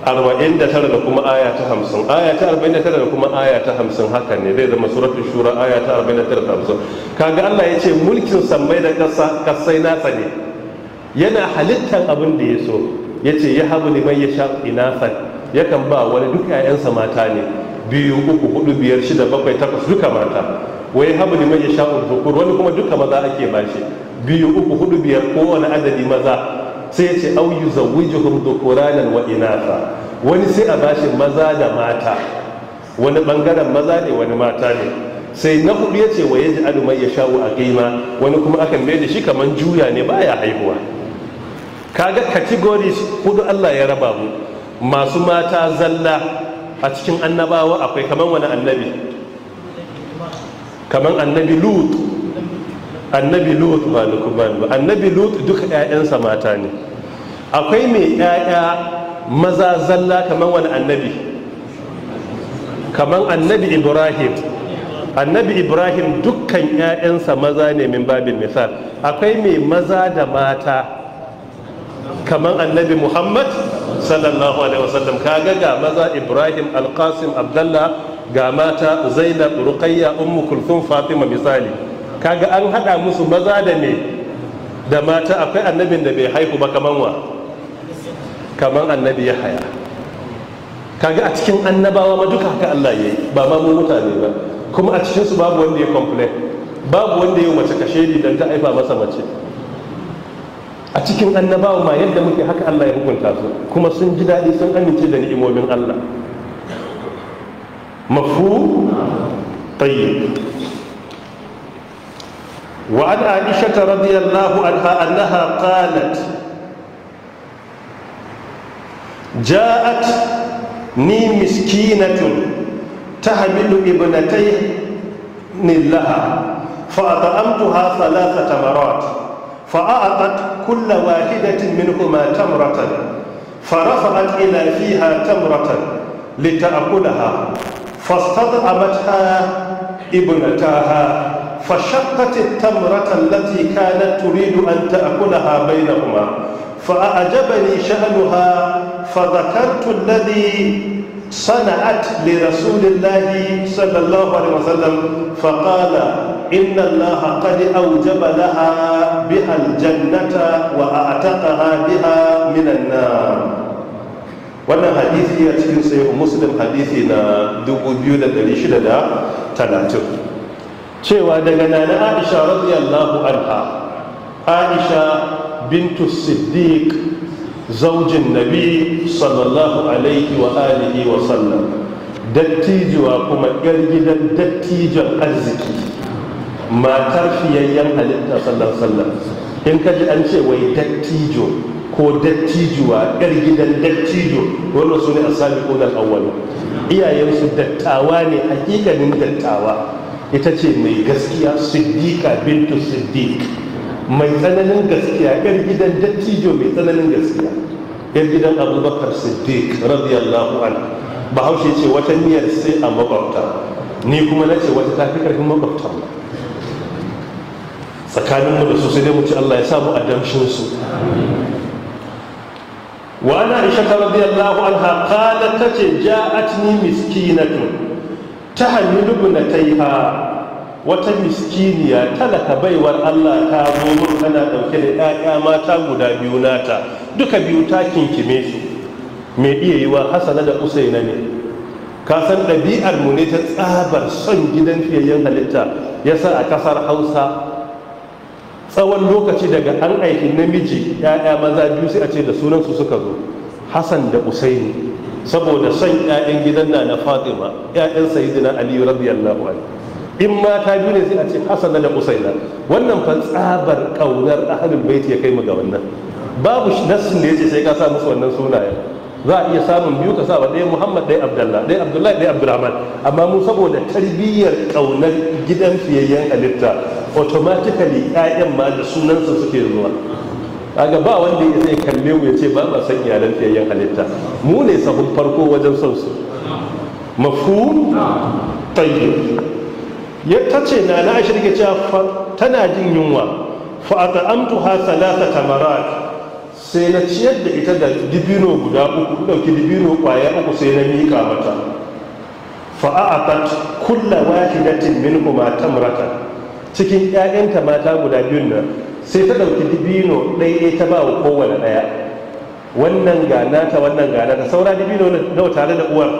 49 da kuma aya ta 50 aya ta 49 da kuma aya ta 50 haka ne zai zama suratul shura aya ta 49 da 50 kaga Allah ya ce mulkin sammai da ƙasa kasai nasa ne yana halittar abin da ya so ya ce ya habu liman ya sha inafan yakan ba wani duk 'ya'yansa mata ne biyu uku hudu biyar shida bakwai takwas duka mata wai ne mai ya zukur wani kuma duka maza ake bashi biyu uku hudu biyar kowane adadi maza sai ce au jihun dhukuranan wa inatha wani sai a bashi maza da mata wani bangaren maza ne wani mata ne sai na hudu ce wa yaji adu mai ya sha'u a kaima wani kuma akan mai da shi kamar juya ne baya haihuwa kaga categories hudu Allah ya raba mu masu mata zalla a cikin annabawa akwai kaman wani annabi kaman annabi lut annabi lut ba lukman ba annabi lut duka 'ya'yansa mata ne akwai mai 'ya'ya maza zalla kaman wani annabi kaman annabi ibrahim annabi ibrahim dukkan 'ya'yansa maza ne min babin misal akwai mai maza da mata kaman annabi muhammad sallallahu alaihi wasallam kaga ga maza ibrahim alqasim abdallah ga mata zainab ruqayya ummu kulthum fatima misali kaga an hada musu maza da me da mata akwai annabin da bai haihu ba kaman wa kaman annabi ya haya kaga a cikin annabawa ma duka haka Allah ya yi ba ma mu mutane ba kuma a cikinsu babu wanda ya complain babu wanda ya mace kashe dan ta aifa masa mace a cikin annabawa ma yadda muke haka Allah ya hukunta su kuma sun ji daɗi sun amince da ni'imomin Allah mafu tayyi wa an aisha radiyallahu anha annaha qalat ja'at ni miskinatun tahmilu ibnatayni laha fa at'amtuha thalathata maratin فأعطت كل واحدة منهما تمرة فرفعت إلى فيها تمرة لتأكلها فاستطعمتها ابنتاها فشقت التمرة التي كانت تريد أن تأكلها بينهما فأعجبني شأنها فذكرت الذي صنعت لرسول الله صلى الله عليه وسلم فقال إن الله قد أوجب لها بها الجنة وأعتقها بها من النار wannan hadisi a cikin sai muslim hadisi na 2630 cewa daga nana aisha radiyallahu anha aisha bintu siddiq zaujin nabi sallallahu alaihi wa alihi wa sallam dattijuwa kuma yar gidan dattijon arziki matar fiyayyen halitta sallallahu sallam in kaji an ce wai dattijo ko dattijuwa yar gidan dattijo wannan su ne asali ƙunar awwalu iyayensu dattawa ne hakikanin dattawa ita ce mai gaskiya siddiqa bintu siddiq mai tsananin gaskiya yar gidan dattijo mai tsananin gaskiya yar gidan abubakar siddiq radiyallahu an bahaushe ce wata niyyar sai a makwabta ni kuma na ce wata tafi karfin makwabta tsakaninmu da su sai dai mu ci allah ya samu adamshin su wa ana ta radiyallahu ta ce ta hannu tace na ta yi ha wata miskiniya talaka baiwar Allah ta zo mun tana dauke da 'ya'ya mata guda biyu nata duka biyu ta kinkime su mai iya yiwa Hassana da Usaina ne ka san ɗabi'ar mu ne ta tsabar son gidan fiyayyen halitta ya sa a kasar Hausa tsawon lokaci daga an aiki namiji 'ya'ya maza biyu sai a ce da sunan su suka zo Hassan da Usaini saboda son 'ya'yan gidan na na Fatima 'ya'yan Aliyu aliyu radiyallahu anhu in mata biyu ne sai a ce hasan da usaina wannan fa tsabar kaunar ahlul bait ya kai mu ga wannan babu nassin da yace sai ka sa musu wannan sunayen za a iya samun biyu ka sa wa ɗaya muhammad ɗaya abdullah ɗaya abdullah dai abdurrahman amma mu saboda tarbiyyar kaunar gidan fiyayyen halitta automatically ƴaƴan ma da sunansa suke zuwa kaga ba wanda ya zai kalle mu ya ce ba ma san iyalan fiyayyen halitta mu ne sahun farko wajen son su mafhum tayyib ya ce na na aisha take cewa tana jin yunwa fa at'amtuha thalatha tamarat sai na ciyar da ita da dibino guda uku dauki dibino kwaya uku sai na mika mata fa a'atat kullu wahidatin minhuma tamratan cikin ƴaƴanta mata guda biyun nan sai ta dauki dibino ɗaya ta ba wa kowane ɗaya wannan gana ta wannan gana ta saura dibino nawa tare da uwar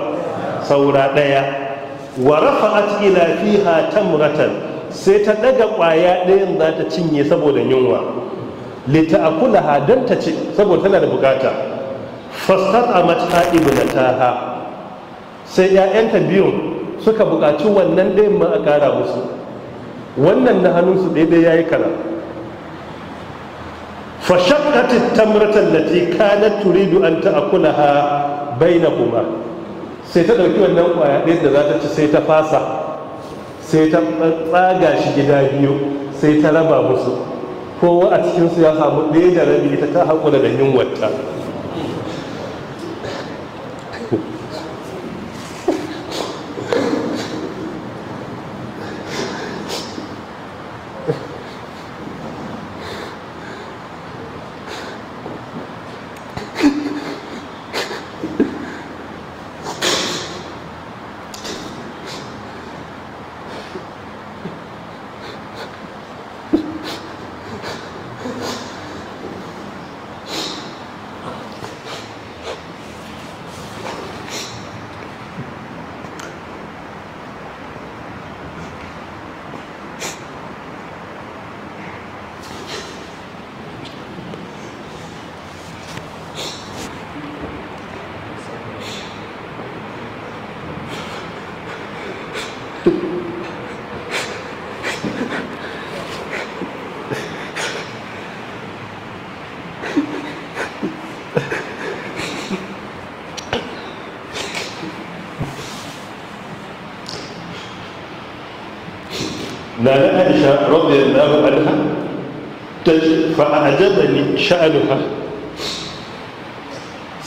saura ɗaya wa rafa'at ila fiha tamratan sai ta daga kwaya ɗayan za ta cinye saboda yunwa Lita ha don ta ci saboda tana da bukata fastat ta ha. sai 'ya'yanta biyun suka bukaci wannan ɗayan ma a ƙara musu wannan na hannunsu daidai ya yi kara fashakkatin tamratan da ta kanat turidu an bai na kuma sai ta ɗauki wannan ƙwaya ɗaya da za ta ci sai ta fasa sai ta tsaga shi gida biyu sai ta raba musu kowa a cikinsu ya samu ɗaya da rabi ita ta haƙura da yunwata نانا عائشة رضي الله عنها فأعجبني شأنها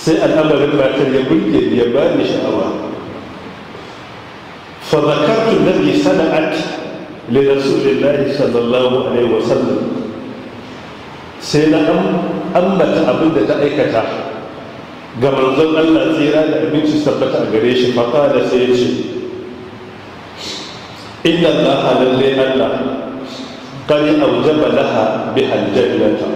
sai al'amarin matar ya burge ya ba ni sha'awa fadakartu nabi sana'at li rasulillahi sallallahu alaihi wasallam sai na ambata abin da ta aikata ga manzon Allah tsira da abinci tabbata a gare shi faqala sai ya ce inna allaha lalle allah qad awjaba laha bi aljannata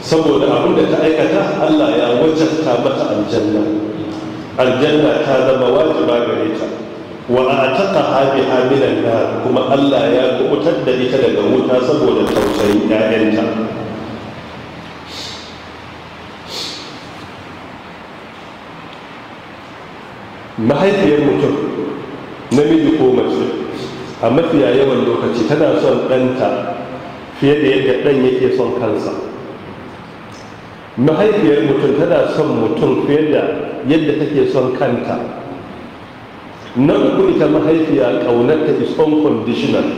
saboda abin da ta aikata Allah ya wajabta mata aljanna aljanna ta zama wajiba gare ta wa ataqaha biha kuma Allah ya kubutar da ita daga wuta saboda tausayin ƴaƴanta mahaifiyar mutum namiji ko mace a mafiya yawan lokaci tana son ɗanta fiye da yadda ɗan yake son kansa mahaifiyar mutum tana son mutum fiye da yadda take son kanta na uku ita mahaifiya ƙaunarta is unconditional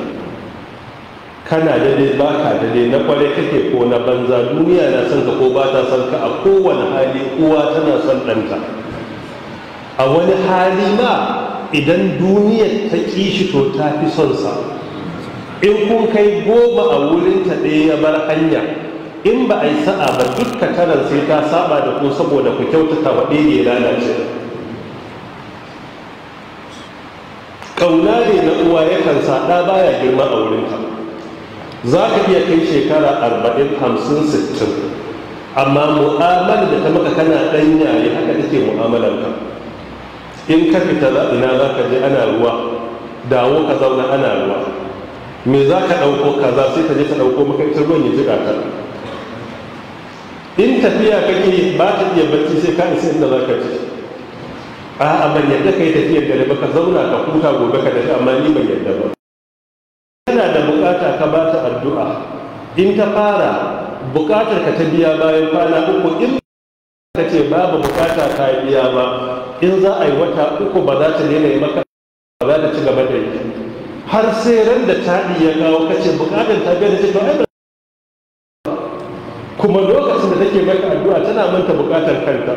kana dai, ba ka dai, na kwarai kake ko na banza duniya na son ka ko ba ta son ka a kowane hali uwa tana son ɗanta a wani hali ma idan duniya ta kishi to ta fi son sa in kun kai goma a wurin ta ɗaya ya bar hanya in ba a yi sa'a ba dukkan tarar sai ta saba da ku saboda ku kyautata wa ɗaya ya lalace ƙauna ne na uwa yakan saɗa ɗa baya girma a wurin ta za ka iya kai shekara arba'in hamsin sittin amma mu'amala da ta maka kana ɗan yare haka take mu'amalar ka in ka fita ina za ka je ana ruwa dawo ka zauna ana ruwa me za ka ɗauko kaza sai ka je ka ɗauko maka ruwan ya ji ka in tafiya ka kake ba ta iya barci sai ka isa inda za ka ci a'a ban yadda ka yi tafiyar da ba ka zauna ka kuka gobe ka tafi amma ni ban yadda ba yana da bukata ka ba ta addu'a in ta fara bukatar ka ta biya bayan kwana uku in ka ce babu bukata ka biya ba in za a yi wata uku ba za ta daina yi maka ba za ta ci gaba da yi har sai ran da taɗi ya kawo kace bukatar ta biya da ce to ba kuma lokacin da take maka addu'a tana manta bukatar kanta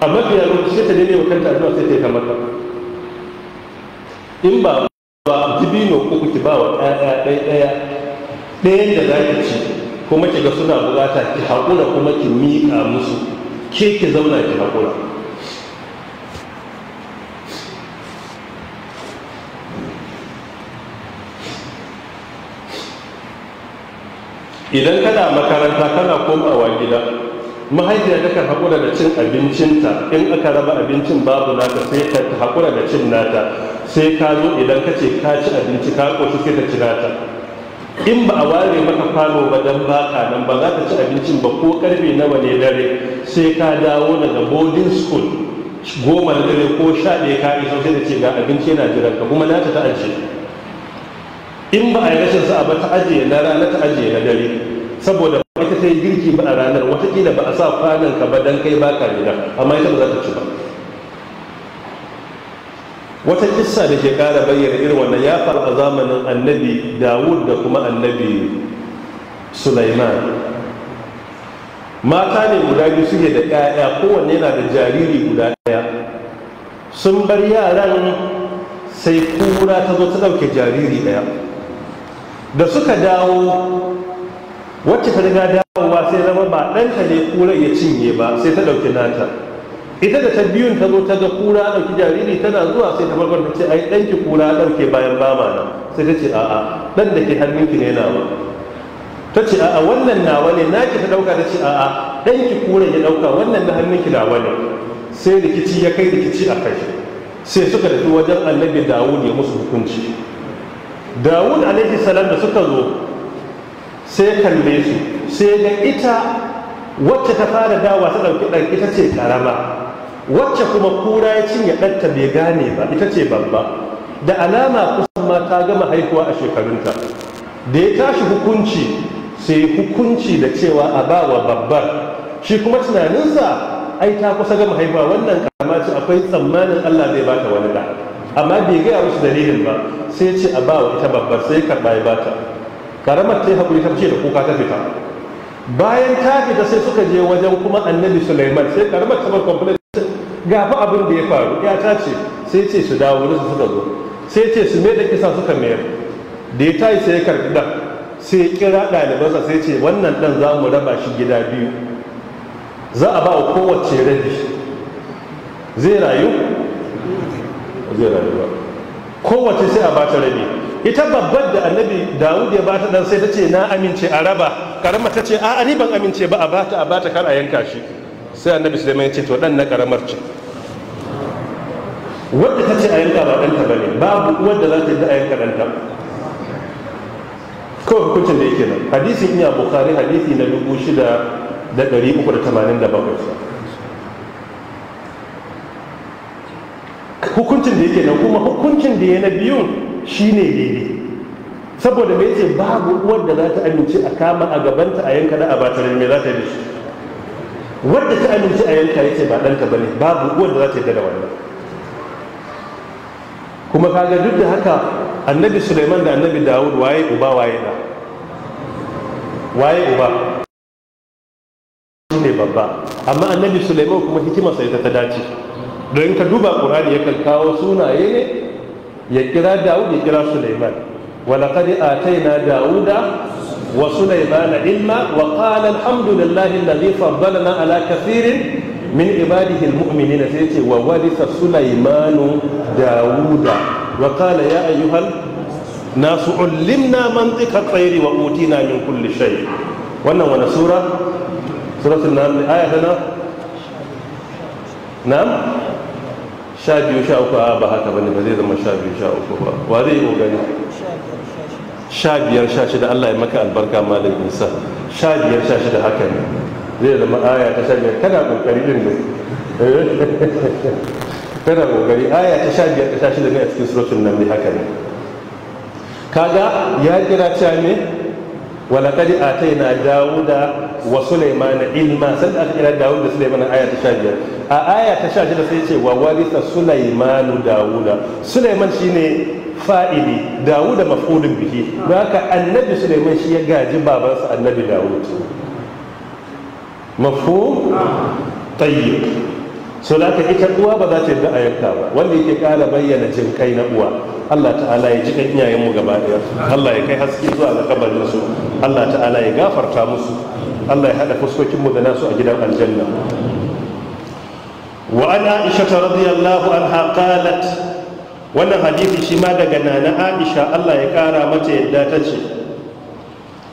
a mafiya lokaci sai ta daina wa kanta addu'a sai ta yi ta maka in ba ba dibino uku ki ba wa ɗaya ɗaya ɗaya ɗaya da za ki ci kuma ki ga suna bukata ki haƙura kuma ki miƙa musu ke ki zauna ki haƙura idan kana makaranta kana komawa gida mahaifiya ta hakura da cin abincinta in aka raba abincin babu naka sai ka hakura da cin nata sai ka zo idan ka ce ka ci abinci ka koshi sai ta ci nata in ba a ware maka falo ba dan baka nan ba za ka ci abincin ba ko karfe nawa ne dare sai ka dawo daga boarding school goma na dare ko sha ɗaya ka iso sai da ce ga abinci yana jiranka kuma nata ta ajiye in ba a yi rashin sa'a ba ta ajiye na rana ta ajiye na dare saboda ba ita ta yi girki ba a ranar watakila ba a sa kwanan ka ba dan kai ba ka gida amma ita ba za ta ci ba wata kissa da ke kara bayyana irin wannan ya faru a zamanin annabi dawud da kuma annabi sulaiman mata ne guda biyu suke da 'ya'ya kowanne yana da jariri guda ɗaya sun bar yaran sai kura ta zo ta ɗauke jariri ɗaya da suka dawo wacce ta riga dawowa sai zama ba ɗanta ne kura ya cinye ba sai ta ɗauki nata ita da ta biyun ta zo ta ga kura ɗauki jariri tana zuwa sai ta farkon ta ce ai ɗanki kura ɗauke bayan bama na sai ta ce a'a ɗan da ke hannunki ne nawa ta ce a'a wannan nawa ne naki ta ɗauka ta ce a'a ɗanki kura ya ɗauka wannan na hannunki nawa ne sai rikici ya kai rikici a kai sai suka tafi wajen annabi dawo ya musu hukunci dawud alaihi salam da suka zo sai kalle su sai ga ita wacce ta fara dawa ta ɗauki ɗan ita ce karama wacce kuma kura ya cinye ɗanta bai gane ba ita ce babba da alama kusan ma ta gama haihuwa a shekarunta da ya tashi hukunci sai hukunci da cewa a ba wa babbar shi kuma tunaninsa ai ta kusa gama haihuwa wannan karama ce akwai tsammanin allah zai bata wani da amma bai gaya musu dalilin ba sai ce a bawa ita babbar sai karɓa ya bata karamar ta yi haƙuri ta ce da kuka ta fita bayan ta fita sai suka je wajen kuma annabi sulaiman sai karamar ta bar kwamfani ga fa abin da ya faru ya ta ce sai ce su dawo wani su suka zo sai ce su mai da kisa suka mayar da ya tayi sai karɓi ɗan sai ya kira ɗalibansa sai ce wannan ɗan za mu raba shi gida biyu za a ba wa kowace rabi zai rayu zai rayu ba kowace sai a bata rabi ita babbar da annabi dawud ya bata dan sai ta ce na amince a raba karama ta ce a ni ban amince ba a bata a bata kar a yanka shi sai annabi sulaiman ya ce to dan na karamar ce wadda ta ce a yanka ba danta ba ne babu wadda za ta yi da a yanka danta kawai hukuncin da yake nan hadisin iya bukari hadisi na dubu shida da ɗari uku da tamanin da bakwai hukuncin da yake nan kuma hukuncin da ya na biyun shine daidai saboda me ce babu uwar da za ta amince a kama a gabanta a yanka da a ba me za ta yi shi wadda ta amince a yanka ya ce ba ba ne babu uwar da za ta yi da wannan kuma kaga duk da haka annabi Sulaiman da annabi Dawud waye uba waye da waye uba ne babba amma annabi Sulaiman kuma hikimarsa ita ta dace don ka duba ƙur'ani ya kawo sunaye ne ya kira dawud ya kira suleiman walaƙari a taina dawuda wa suleiman ilma wa ƙalan alhamdulillahi da zifan balana ala kasirin min ibadihin mu'mini na sai ce wa warisa suleimanu dawuda wa ya ayyuhal nasu ulimna man tsika tsayiri wa utina na kulli shai wannan wani sura suratun na'am sha biyu sha uku a ba haka bane ba zai zama sha biyu sha uku ba wa zai yi ƙoƙari sha biyar sha shida allah ya maka albarka malam isa sha biyar sha shida haka ne zai zama aya ta sha biyar kana ƙoƙari ɗin ne kana ƙoƙari aya ta sha biyar ta sha shida ne a cikin surutun nan ne haka ne kaga ya kira cewa ne walaqad ataina dawuda wa sulaimana ilma san da aka dawo da a aya ta biyar a aya ta 16 sai ce wa warisa sulaimanu dawuda sulaiman shine fa'ili dawuda maf'ulun biki, don haka annabi sulaiman shi ya gaji babansa annabi dawud mafhum tayyib so da ka ita uwa ba za ta yarda a yanka ba wanda yake kara bayyana jin kai na uwa Allah ta'ala ya ji kan iyayen mu gaba daya Allah ya kai haske zuwa ga kabarin su Allah ta'ala ya gafarta musu Allah ya hada fuskokin mu da nasu a gidan aljanna wa an aisha radiyallahu anha qalat wannan hadisi shi ma daga nana Aisha Allah ya kara mata yadda ta ce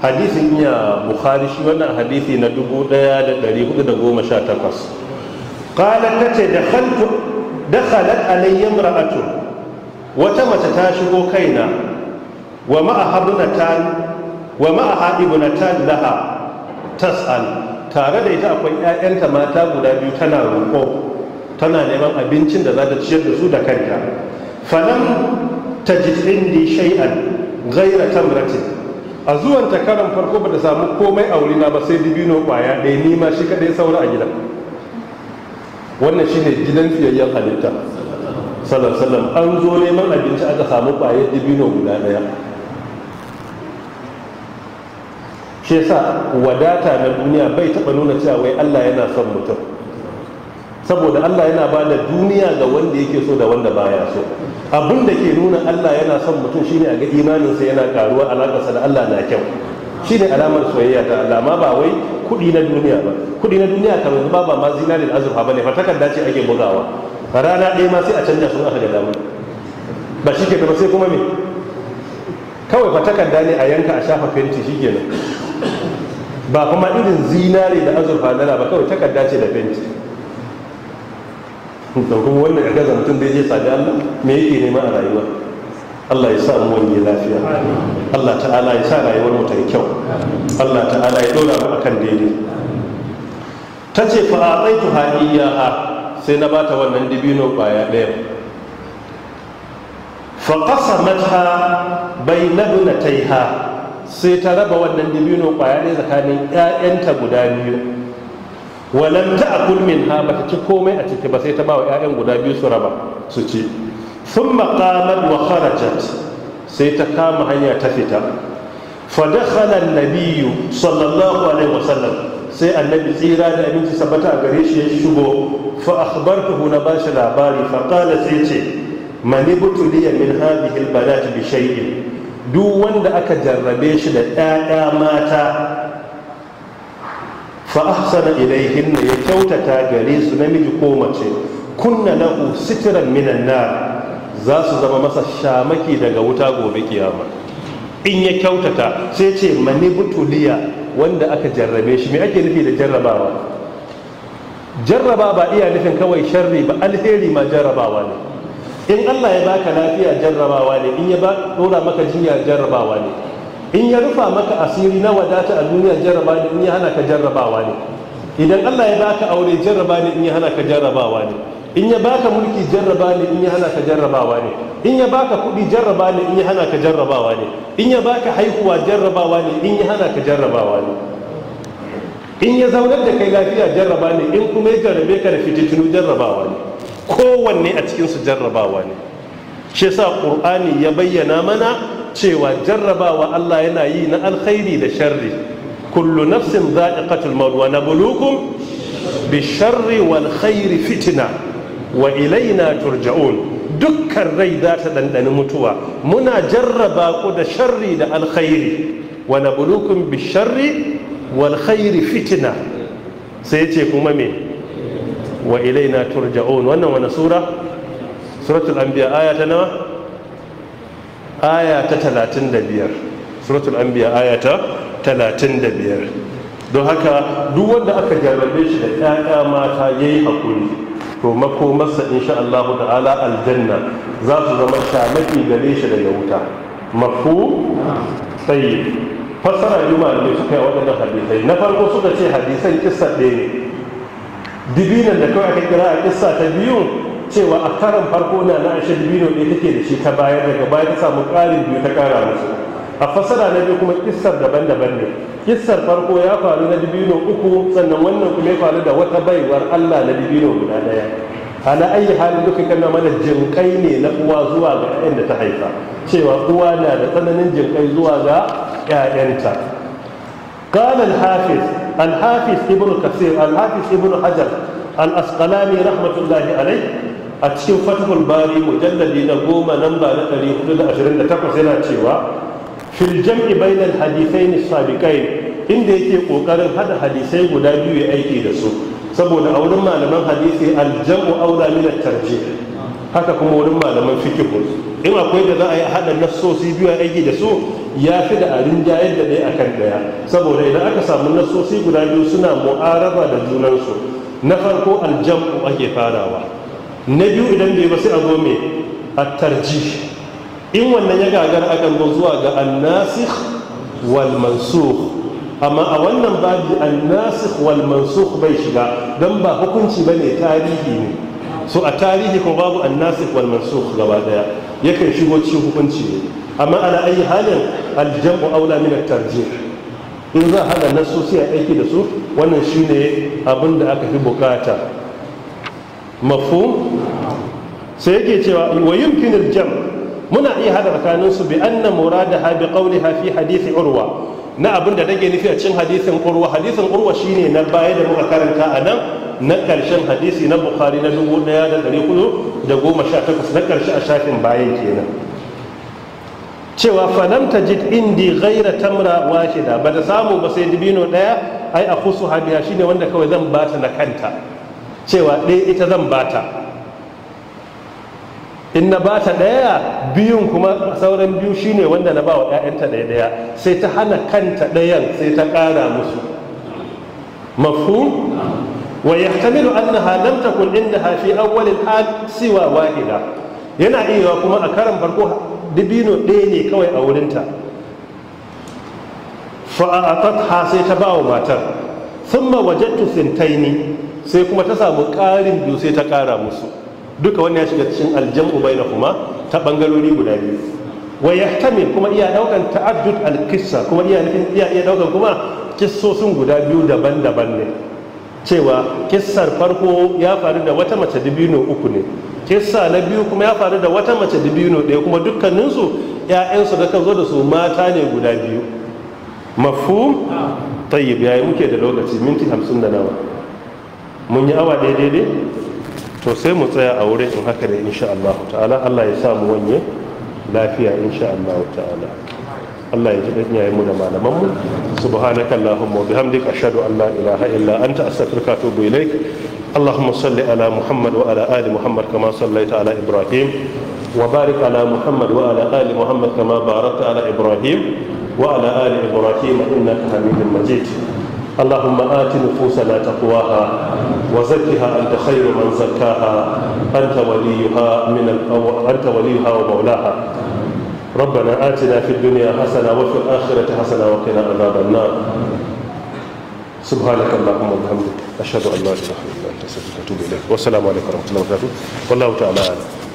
hadisin ya Bukhari shi wannan hadisi na 1418 qalat tace dakhaltu dakhalat alayya imra'atu wata mace ta shigo kaina wa ma'aha bunatan wa ma'aha laha tas'al tare da ita akwai ƴaƴanta mata guda biyu tana roƙo tana neman abincin da za ta ciyar da su da kanta falam tajid indi shay'an ghayra tamrati a zuwan ta karan farko ba ta samu komai a wurina ba sai dibino kwaya ɗaya nima shi kaɗai saura a gidan wannan shine gidan fiyayyen halitta sallallahu an zo neman abinci aka samu kwaye dibino guda daya shi yasa wadata na duniya bai taba nuna cewa wai Allah yana son mutum saboda Allah yana ba da duniya ga wanda yake so da wanda baya so abin da ke nuna Allah yana son mutum shine a ga imaninsa yana karuwa alakarsa da Allah na kyau shi ne alamar soyayya ta Allah ma ba wai kuɗi na duniya ba kuɗi na duniya kan yanzu ba ma zinarin azurfa ba ne fa takarda ce ake bugawa rana ɗaya ma sai a canja sun aka gada damu ba shi ke ba sai kuma me kawai fa takarda ne a yanka a shafa fenti shi ke nan, ba kuma irin zinare da azurfa nana ba kawai takarda ce da fenti to kuma wannan ya gaza mutum da ya je sadi Allah me yake nema a rayuwa Allah ya sa mu wani lafiya Allah ta'ala ya sa rayuwar mu ta yi kyau Allah ta'ala ya dora mu akan daidai ta ce fa a'aitu ha iyaha sai na bata wannan dibino baya ɗaya fa qasamatha bayna ha, sai ta raba wannan dibino kwaya ɗaya tsakanin ƴaƴanta guda biyu a ta'kul minha ba ta ci komai a ciki ba sai ta ba wa ƴaƴan guda biyu su raba su ci sun maƙamar wa kharajat sai ta kama hanya ta fita fadakhalan nabiyu sallallahu alaihi sallam sai annabi tsira da abinci sabata a gare shi ya shigo fa akhbartuhu na bashi labari fa qala sai ce mani ibtuliya min hadhihi albanat bi shay'in duk wanda aka jarrabe shi da 'ya'ya mata fa ahsana ilayhinna ya kyautata gare su namiji ko mace kunna lahu sitran minan nar za su zama masa shamaki daga wuta gobe kiyama in ya kyautata sai ce mani butuliya wanda aka jarrabe shi me ake nufi da jarrabawa jarraba ba iya nufin kawai sharri ba alheri ma jarrabawa ne in allah ya baka lafiya jarrabawa ne in ya ba dora maka jinya jarrabawa ne in ya rufa maka asiri na wadata a duniya jarraba ne in ya hana ka jarrabawa ne idan allah ya baka aure jarraba ne in ya hana ka jarrabawa ne in ya baka mulki jarraba ne in ya hana ka jarrabawa ne in ya baka kuɗi jarraba ne in ya hana ka jarrabawa ne in ya baka haihuwa jarrabawa ne in ya hana ka jarrabawa ne in ya zaunar da kai lafiya jarraba ne in kuma ya jarrabe ka da fitintunu jarrabawa ne kowanne a cikinsu jarrabawa ne shi sa ƙur'ani ya bayyana mana cewa jarrabawa Allah yana yi na alkhairi da sharri kullu nafsin za'iqatul maut wa nabluukum bisharri wal khairi fitna wa ilaina turja'un dukkan rai za ta ɗanɗani mutuwa muna jarraba ku da sharri da alkhairi wa nabluukum bi sharri wal khairi fitna sai ce kuma me wa ilaina turja'un wannan wani sura suratul anbiya aya ta nawa aya ta biyar. suratul anbiya aya ta biyar. don haka duk wanda aka jarabe shi da ƴaƴa mata ya yi hakuri to makomarsa sha Allah ta'ala aljanna za su zama shamaki gare shi daga wuta mafu tsaye fassara yi malamai suka yi waɗannan hadisai na farko suka ce hadisan kissa ɗaya ne dibinan da kawai aka kira a kissa ta biyu cewa a karan farko na na ashe dibino ɗaya take da shi ta bayar daga baya ta samu ƙarin biyu ta ƙara musu a fasara na biyu kuma kissar daban-daban ne kissar farko ya faru na dibino uku sannan wannan kuma ya faru da wata baiwar allah na dibino guda daya ala ayi hali duka mana jinkai ne na uwa zuwa ga 'ya'yan da ta haifa cewa uwa na da tsananin jinkai zuwa ga 'ya'yanta قال الحافظ الحافظ ابن كثير الحافظ ابن حجر الأسقلاني رحمة الله عليه a cikin الباري bari mujalladi na goma nan ba na yana cewa fil jam'i bainal hadithain sabiqain inda yake kokarin hada hadisai guda biyu ya aiki da su saboda a wurin malaman hadisi aljam'u aula min at tarji, haka kuma wurin malaman fiqh in akwai da za a yi hada nassosi biyu a aiki da su ya fi da arin jayar da ɗaya akan ɗaya saboda idan aka samu nassosi guda biyu suna mu'araba da junansu na farko aljam'u ake farawa na biyu idan bai ba sai a zo mai at-tarjih in wannan ya gagara akan zo zuwa ga annasikh wal mansukh amma a wannan babi annasikh wal mansukh bai shiga don ba hukunci bane tarihi ne so a tarihi ko babu annasikh wal mansukh gaba daya yakan shigo cikin hukunci ne amma ana ayi halin aljam'u aula min at-tarjih in za hada sai a aiki da su wannan shine abin da aka fi bukata mafhum sai yake cewa wa jam muna iya hada tsakanin su bi anna muradaha bi qawliha fi hadisi urwa na abin da take nufi a cikin hadisin urwa hadisin urwa shine na baya da muka karanta a nan na karshen hadisi na bukhari na 1418 na karshe a shafin bayan kenan cewa lam tajid indi ghaira tamra wahida ba da samu ba sai dibino daya ai a kusu shine wanda kawai zan bata na kanta cewa ɗaya ita zan bata in na ba ta ɗaya biyun kuma sauran biyu shine wanda na ba wa ‘ya'yanta ɗaya ɗaya sai ta hana kanta ɗayan sai ta ƙara musu mafu wa ya tamilu an na halamta kun inda hafi awwalin had siwa wahida yana iya kuma a karan farko dibino ɗaya ne kawai a wurinta fa'atat ha sai ta ba wa matar sun ma wajattu sintaini sai kuma ta samu ƙarin biyu sai ta ƙara musu duka wannan ya shiga cikin aljam'u kuma ta bangarori guda biyu wa yahtamil kuma iya daukan ta'addud al-qissa kuma iya nufin iya iya daukan kuma kissosin guda biyu daban-daban ne cewa kissar farko ya faru da wata mace dibino uku ne kissa na biyu kuma ya faru da wata mace dibino ɗaya kuma dukkaninsu ‘ya'yansu da kan zo da su mata ne guda biyu mafhum tayyib yayi muke da lokaci minti hamsin da nawa mun yi awa daidai to sai mu tsaya a wurin in haka da insha Allah ta'ala Allah ya sa mu wanye lafiya insha Allah ta'ala Allah ya ji dan yayin mu da malaman mu subhanaka allahumma wa bihamdika ashhadu an la ilaha illa anta astaghfiruka wa atubu ilaik اللهم صل على محمد وعلى ال محمد كما صليت على ابراهيم وبارك على محمد وعلى ال محمد كما باركت على ابراهيم وعلى ال ابراهيم انك حميد مجيد اللهم آت نفوسنا تقواها وزكها أنت خير من زكاها أنت وليها من الأو... أنت وليها ومولاها ربنا آتنا في الدنيا حسنة وفي الآخرة حسنة وقنا عذاب النار سبحانك اللهم وبحمدك أشهد أن لا إله إلا أنت أستغفرك وأتوب إليك والسلام عليكم ورحمة الله وبركاته والله تعالى أعلم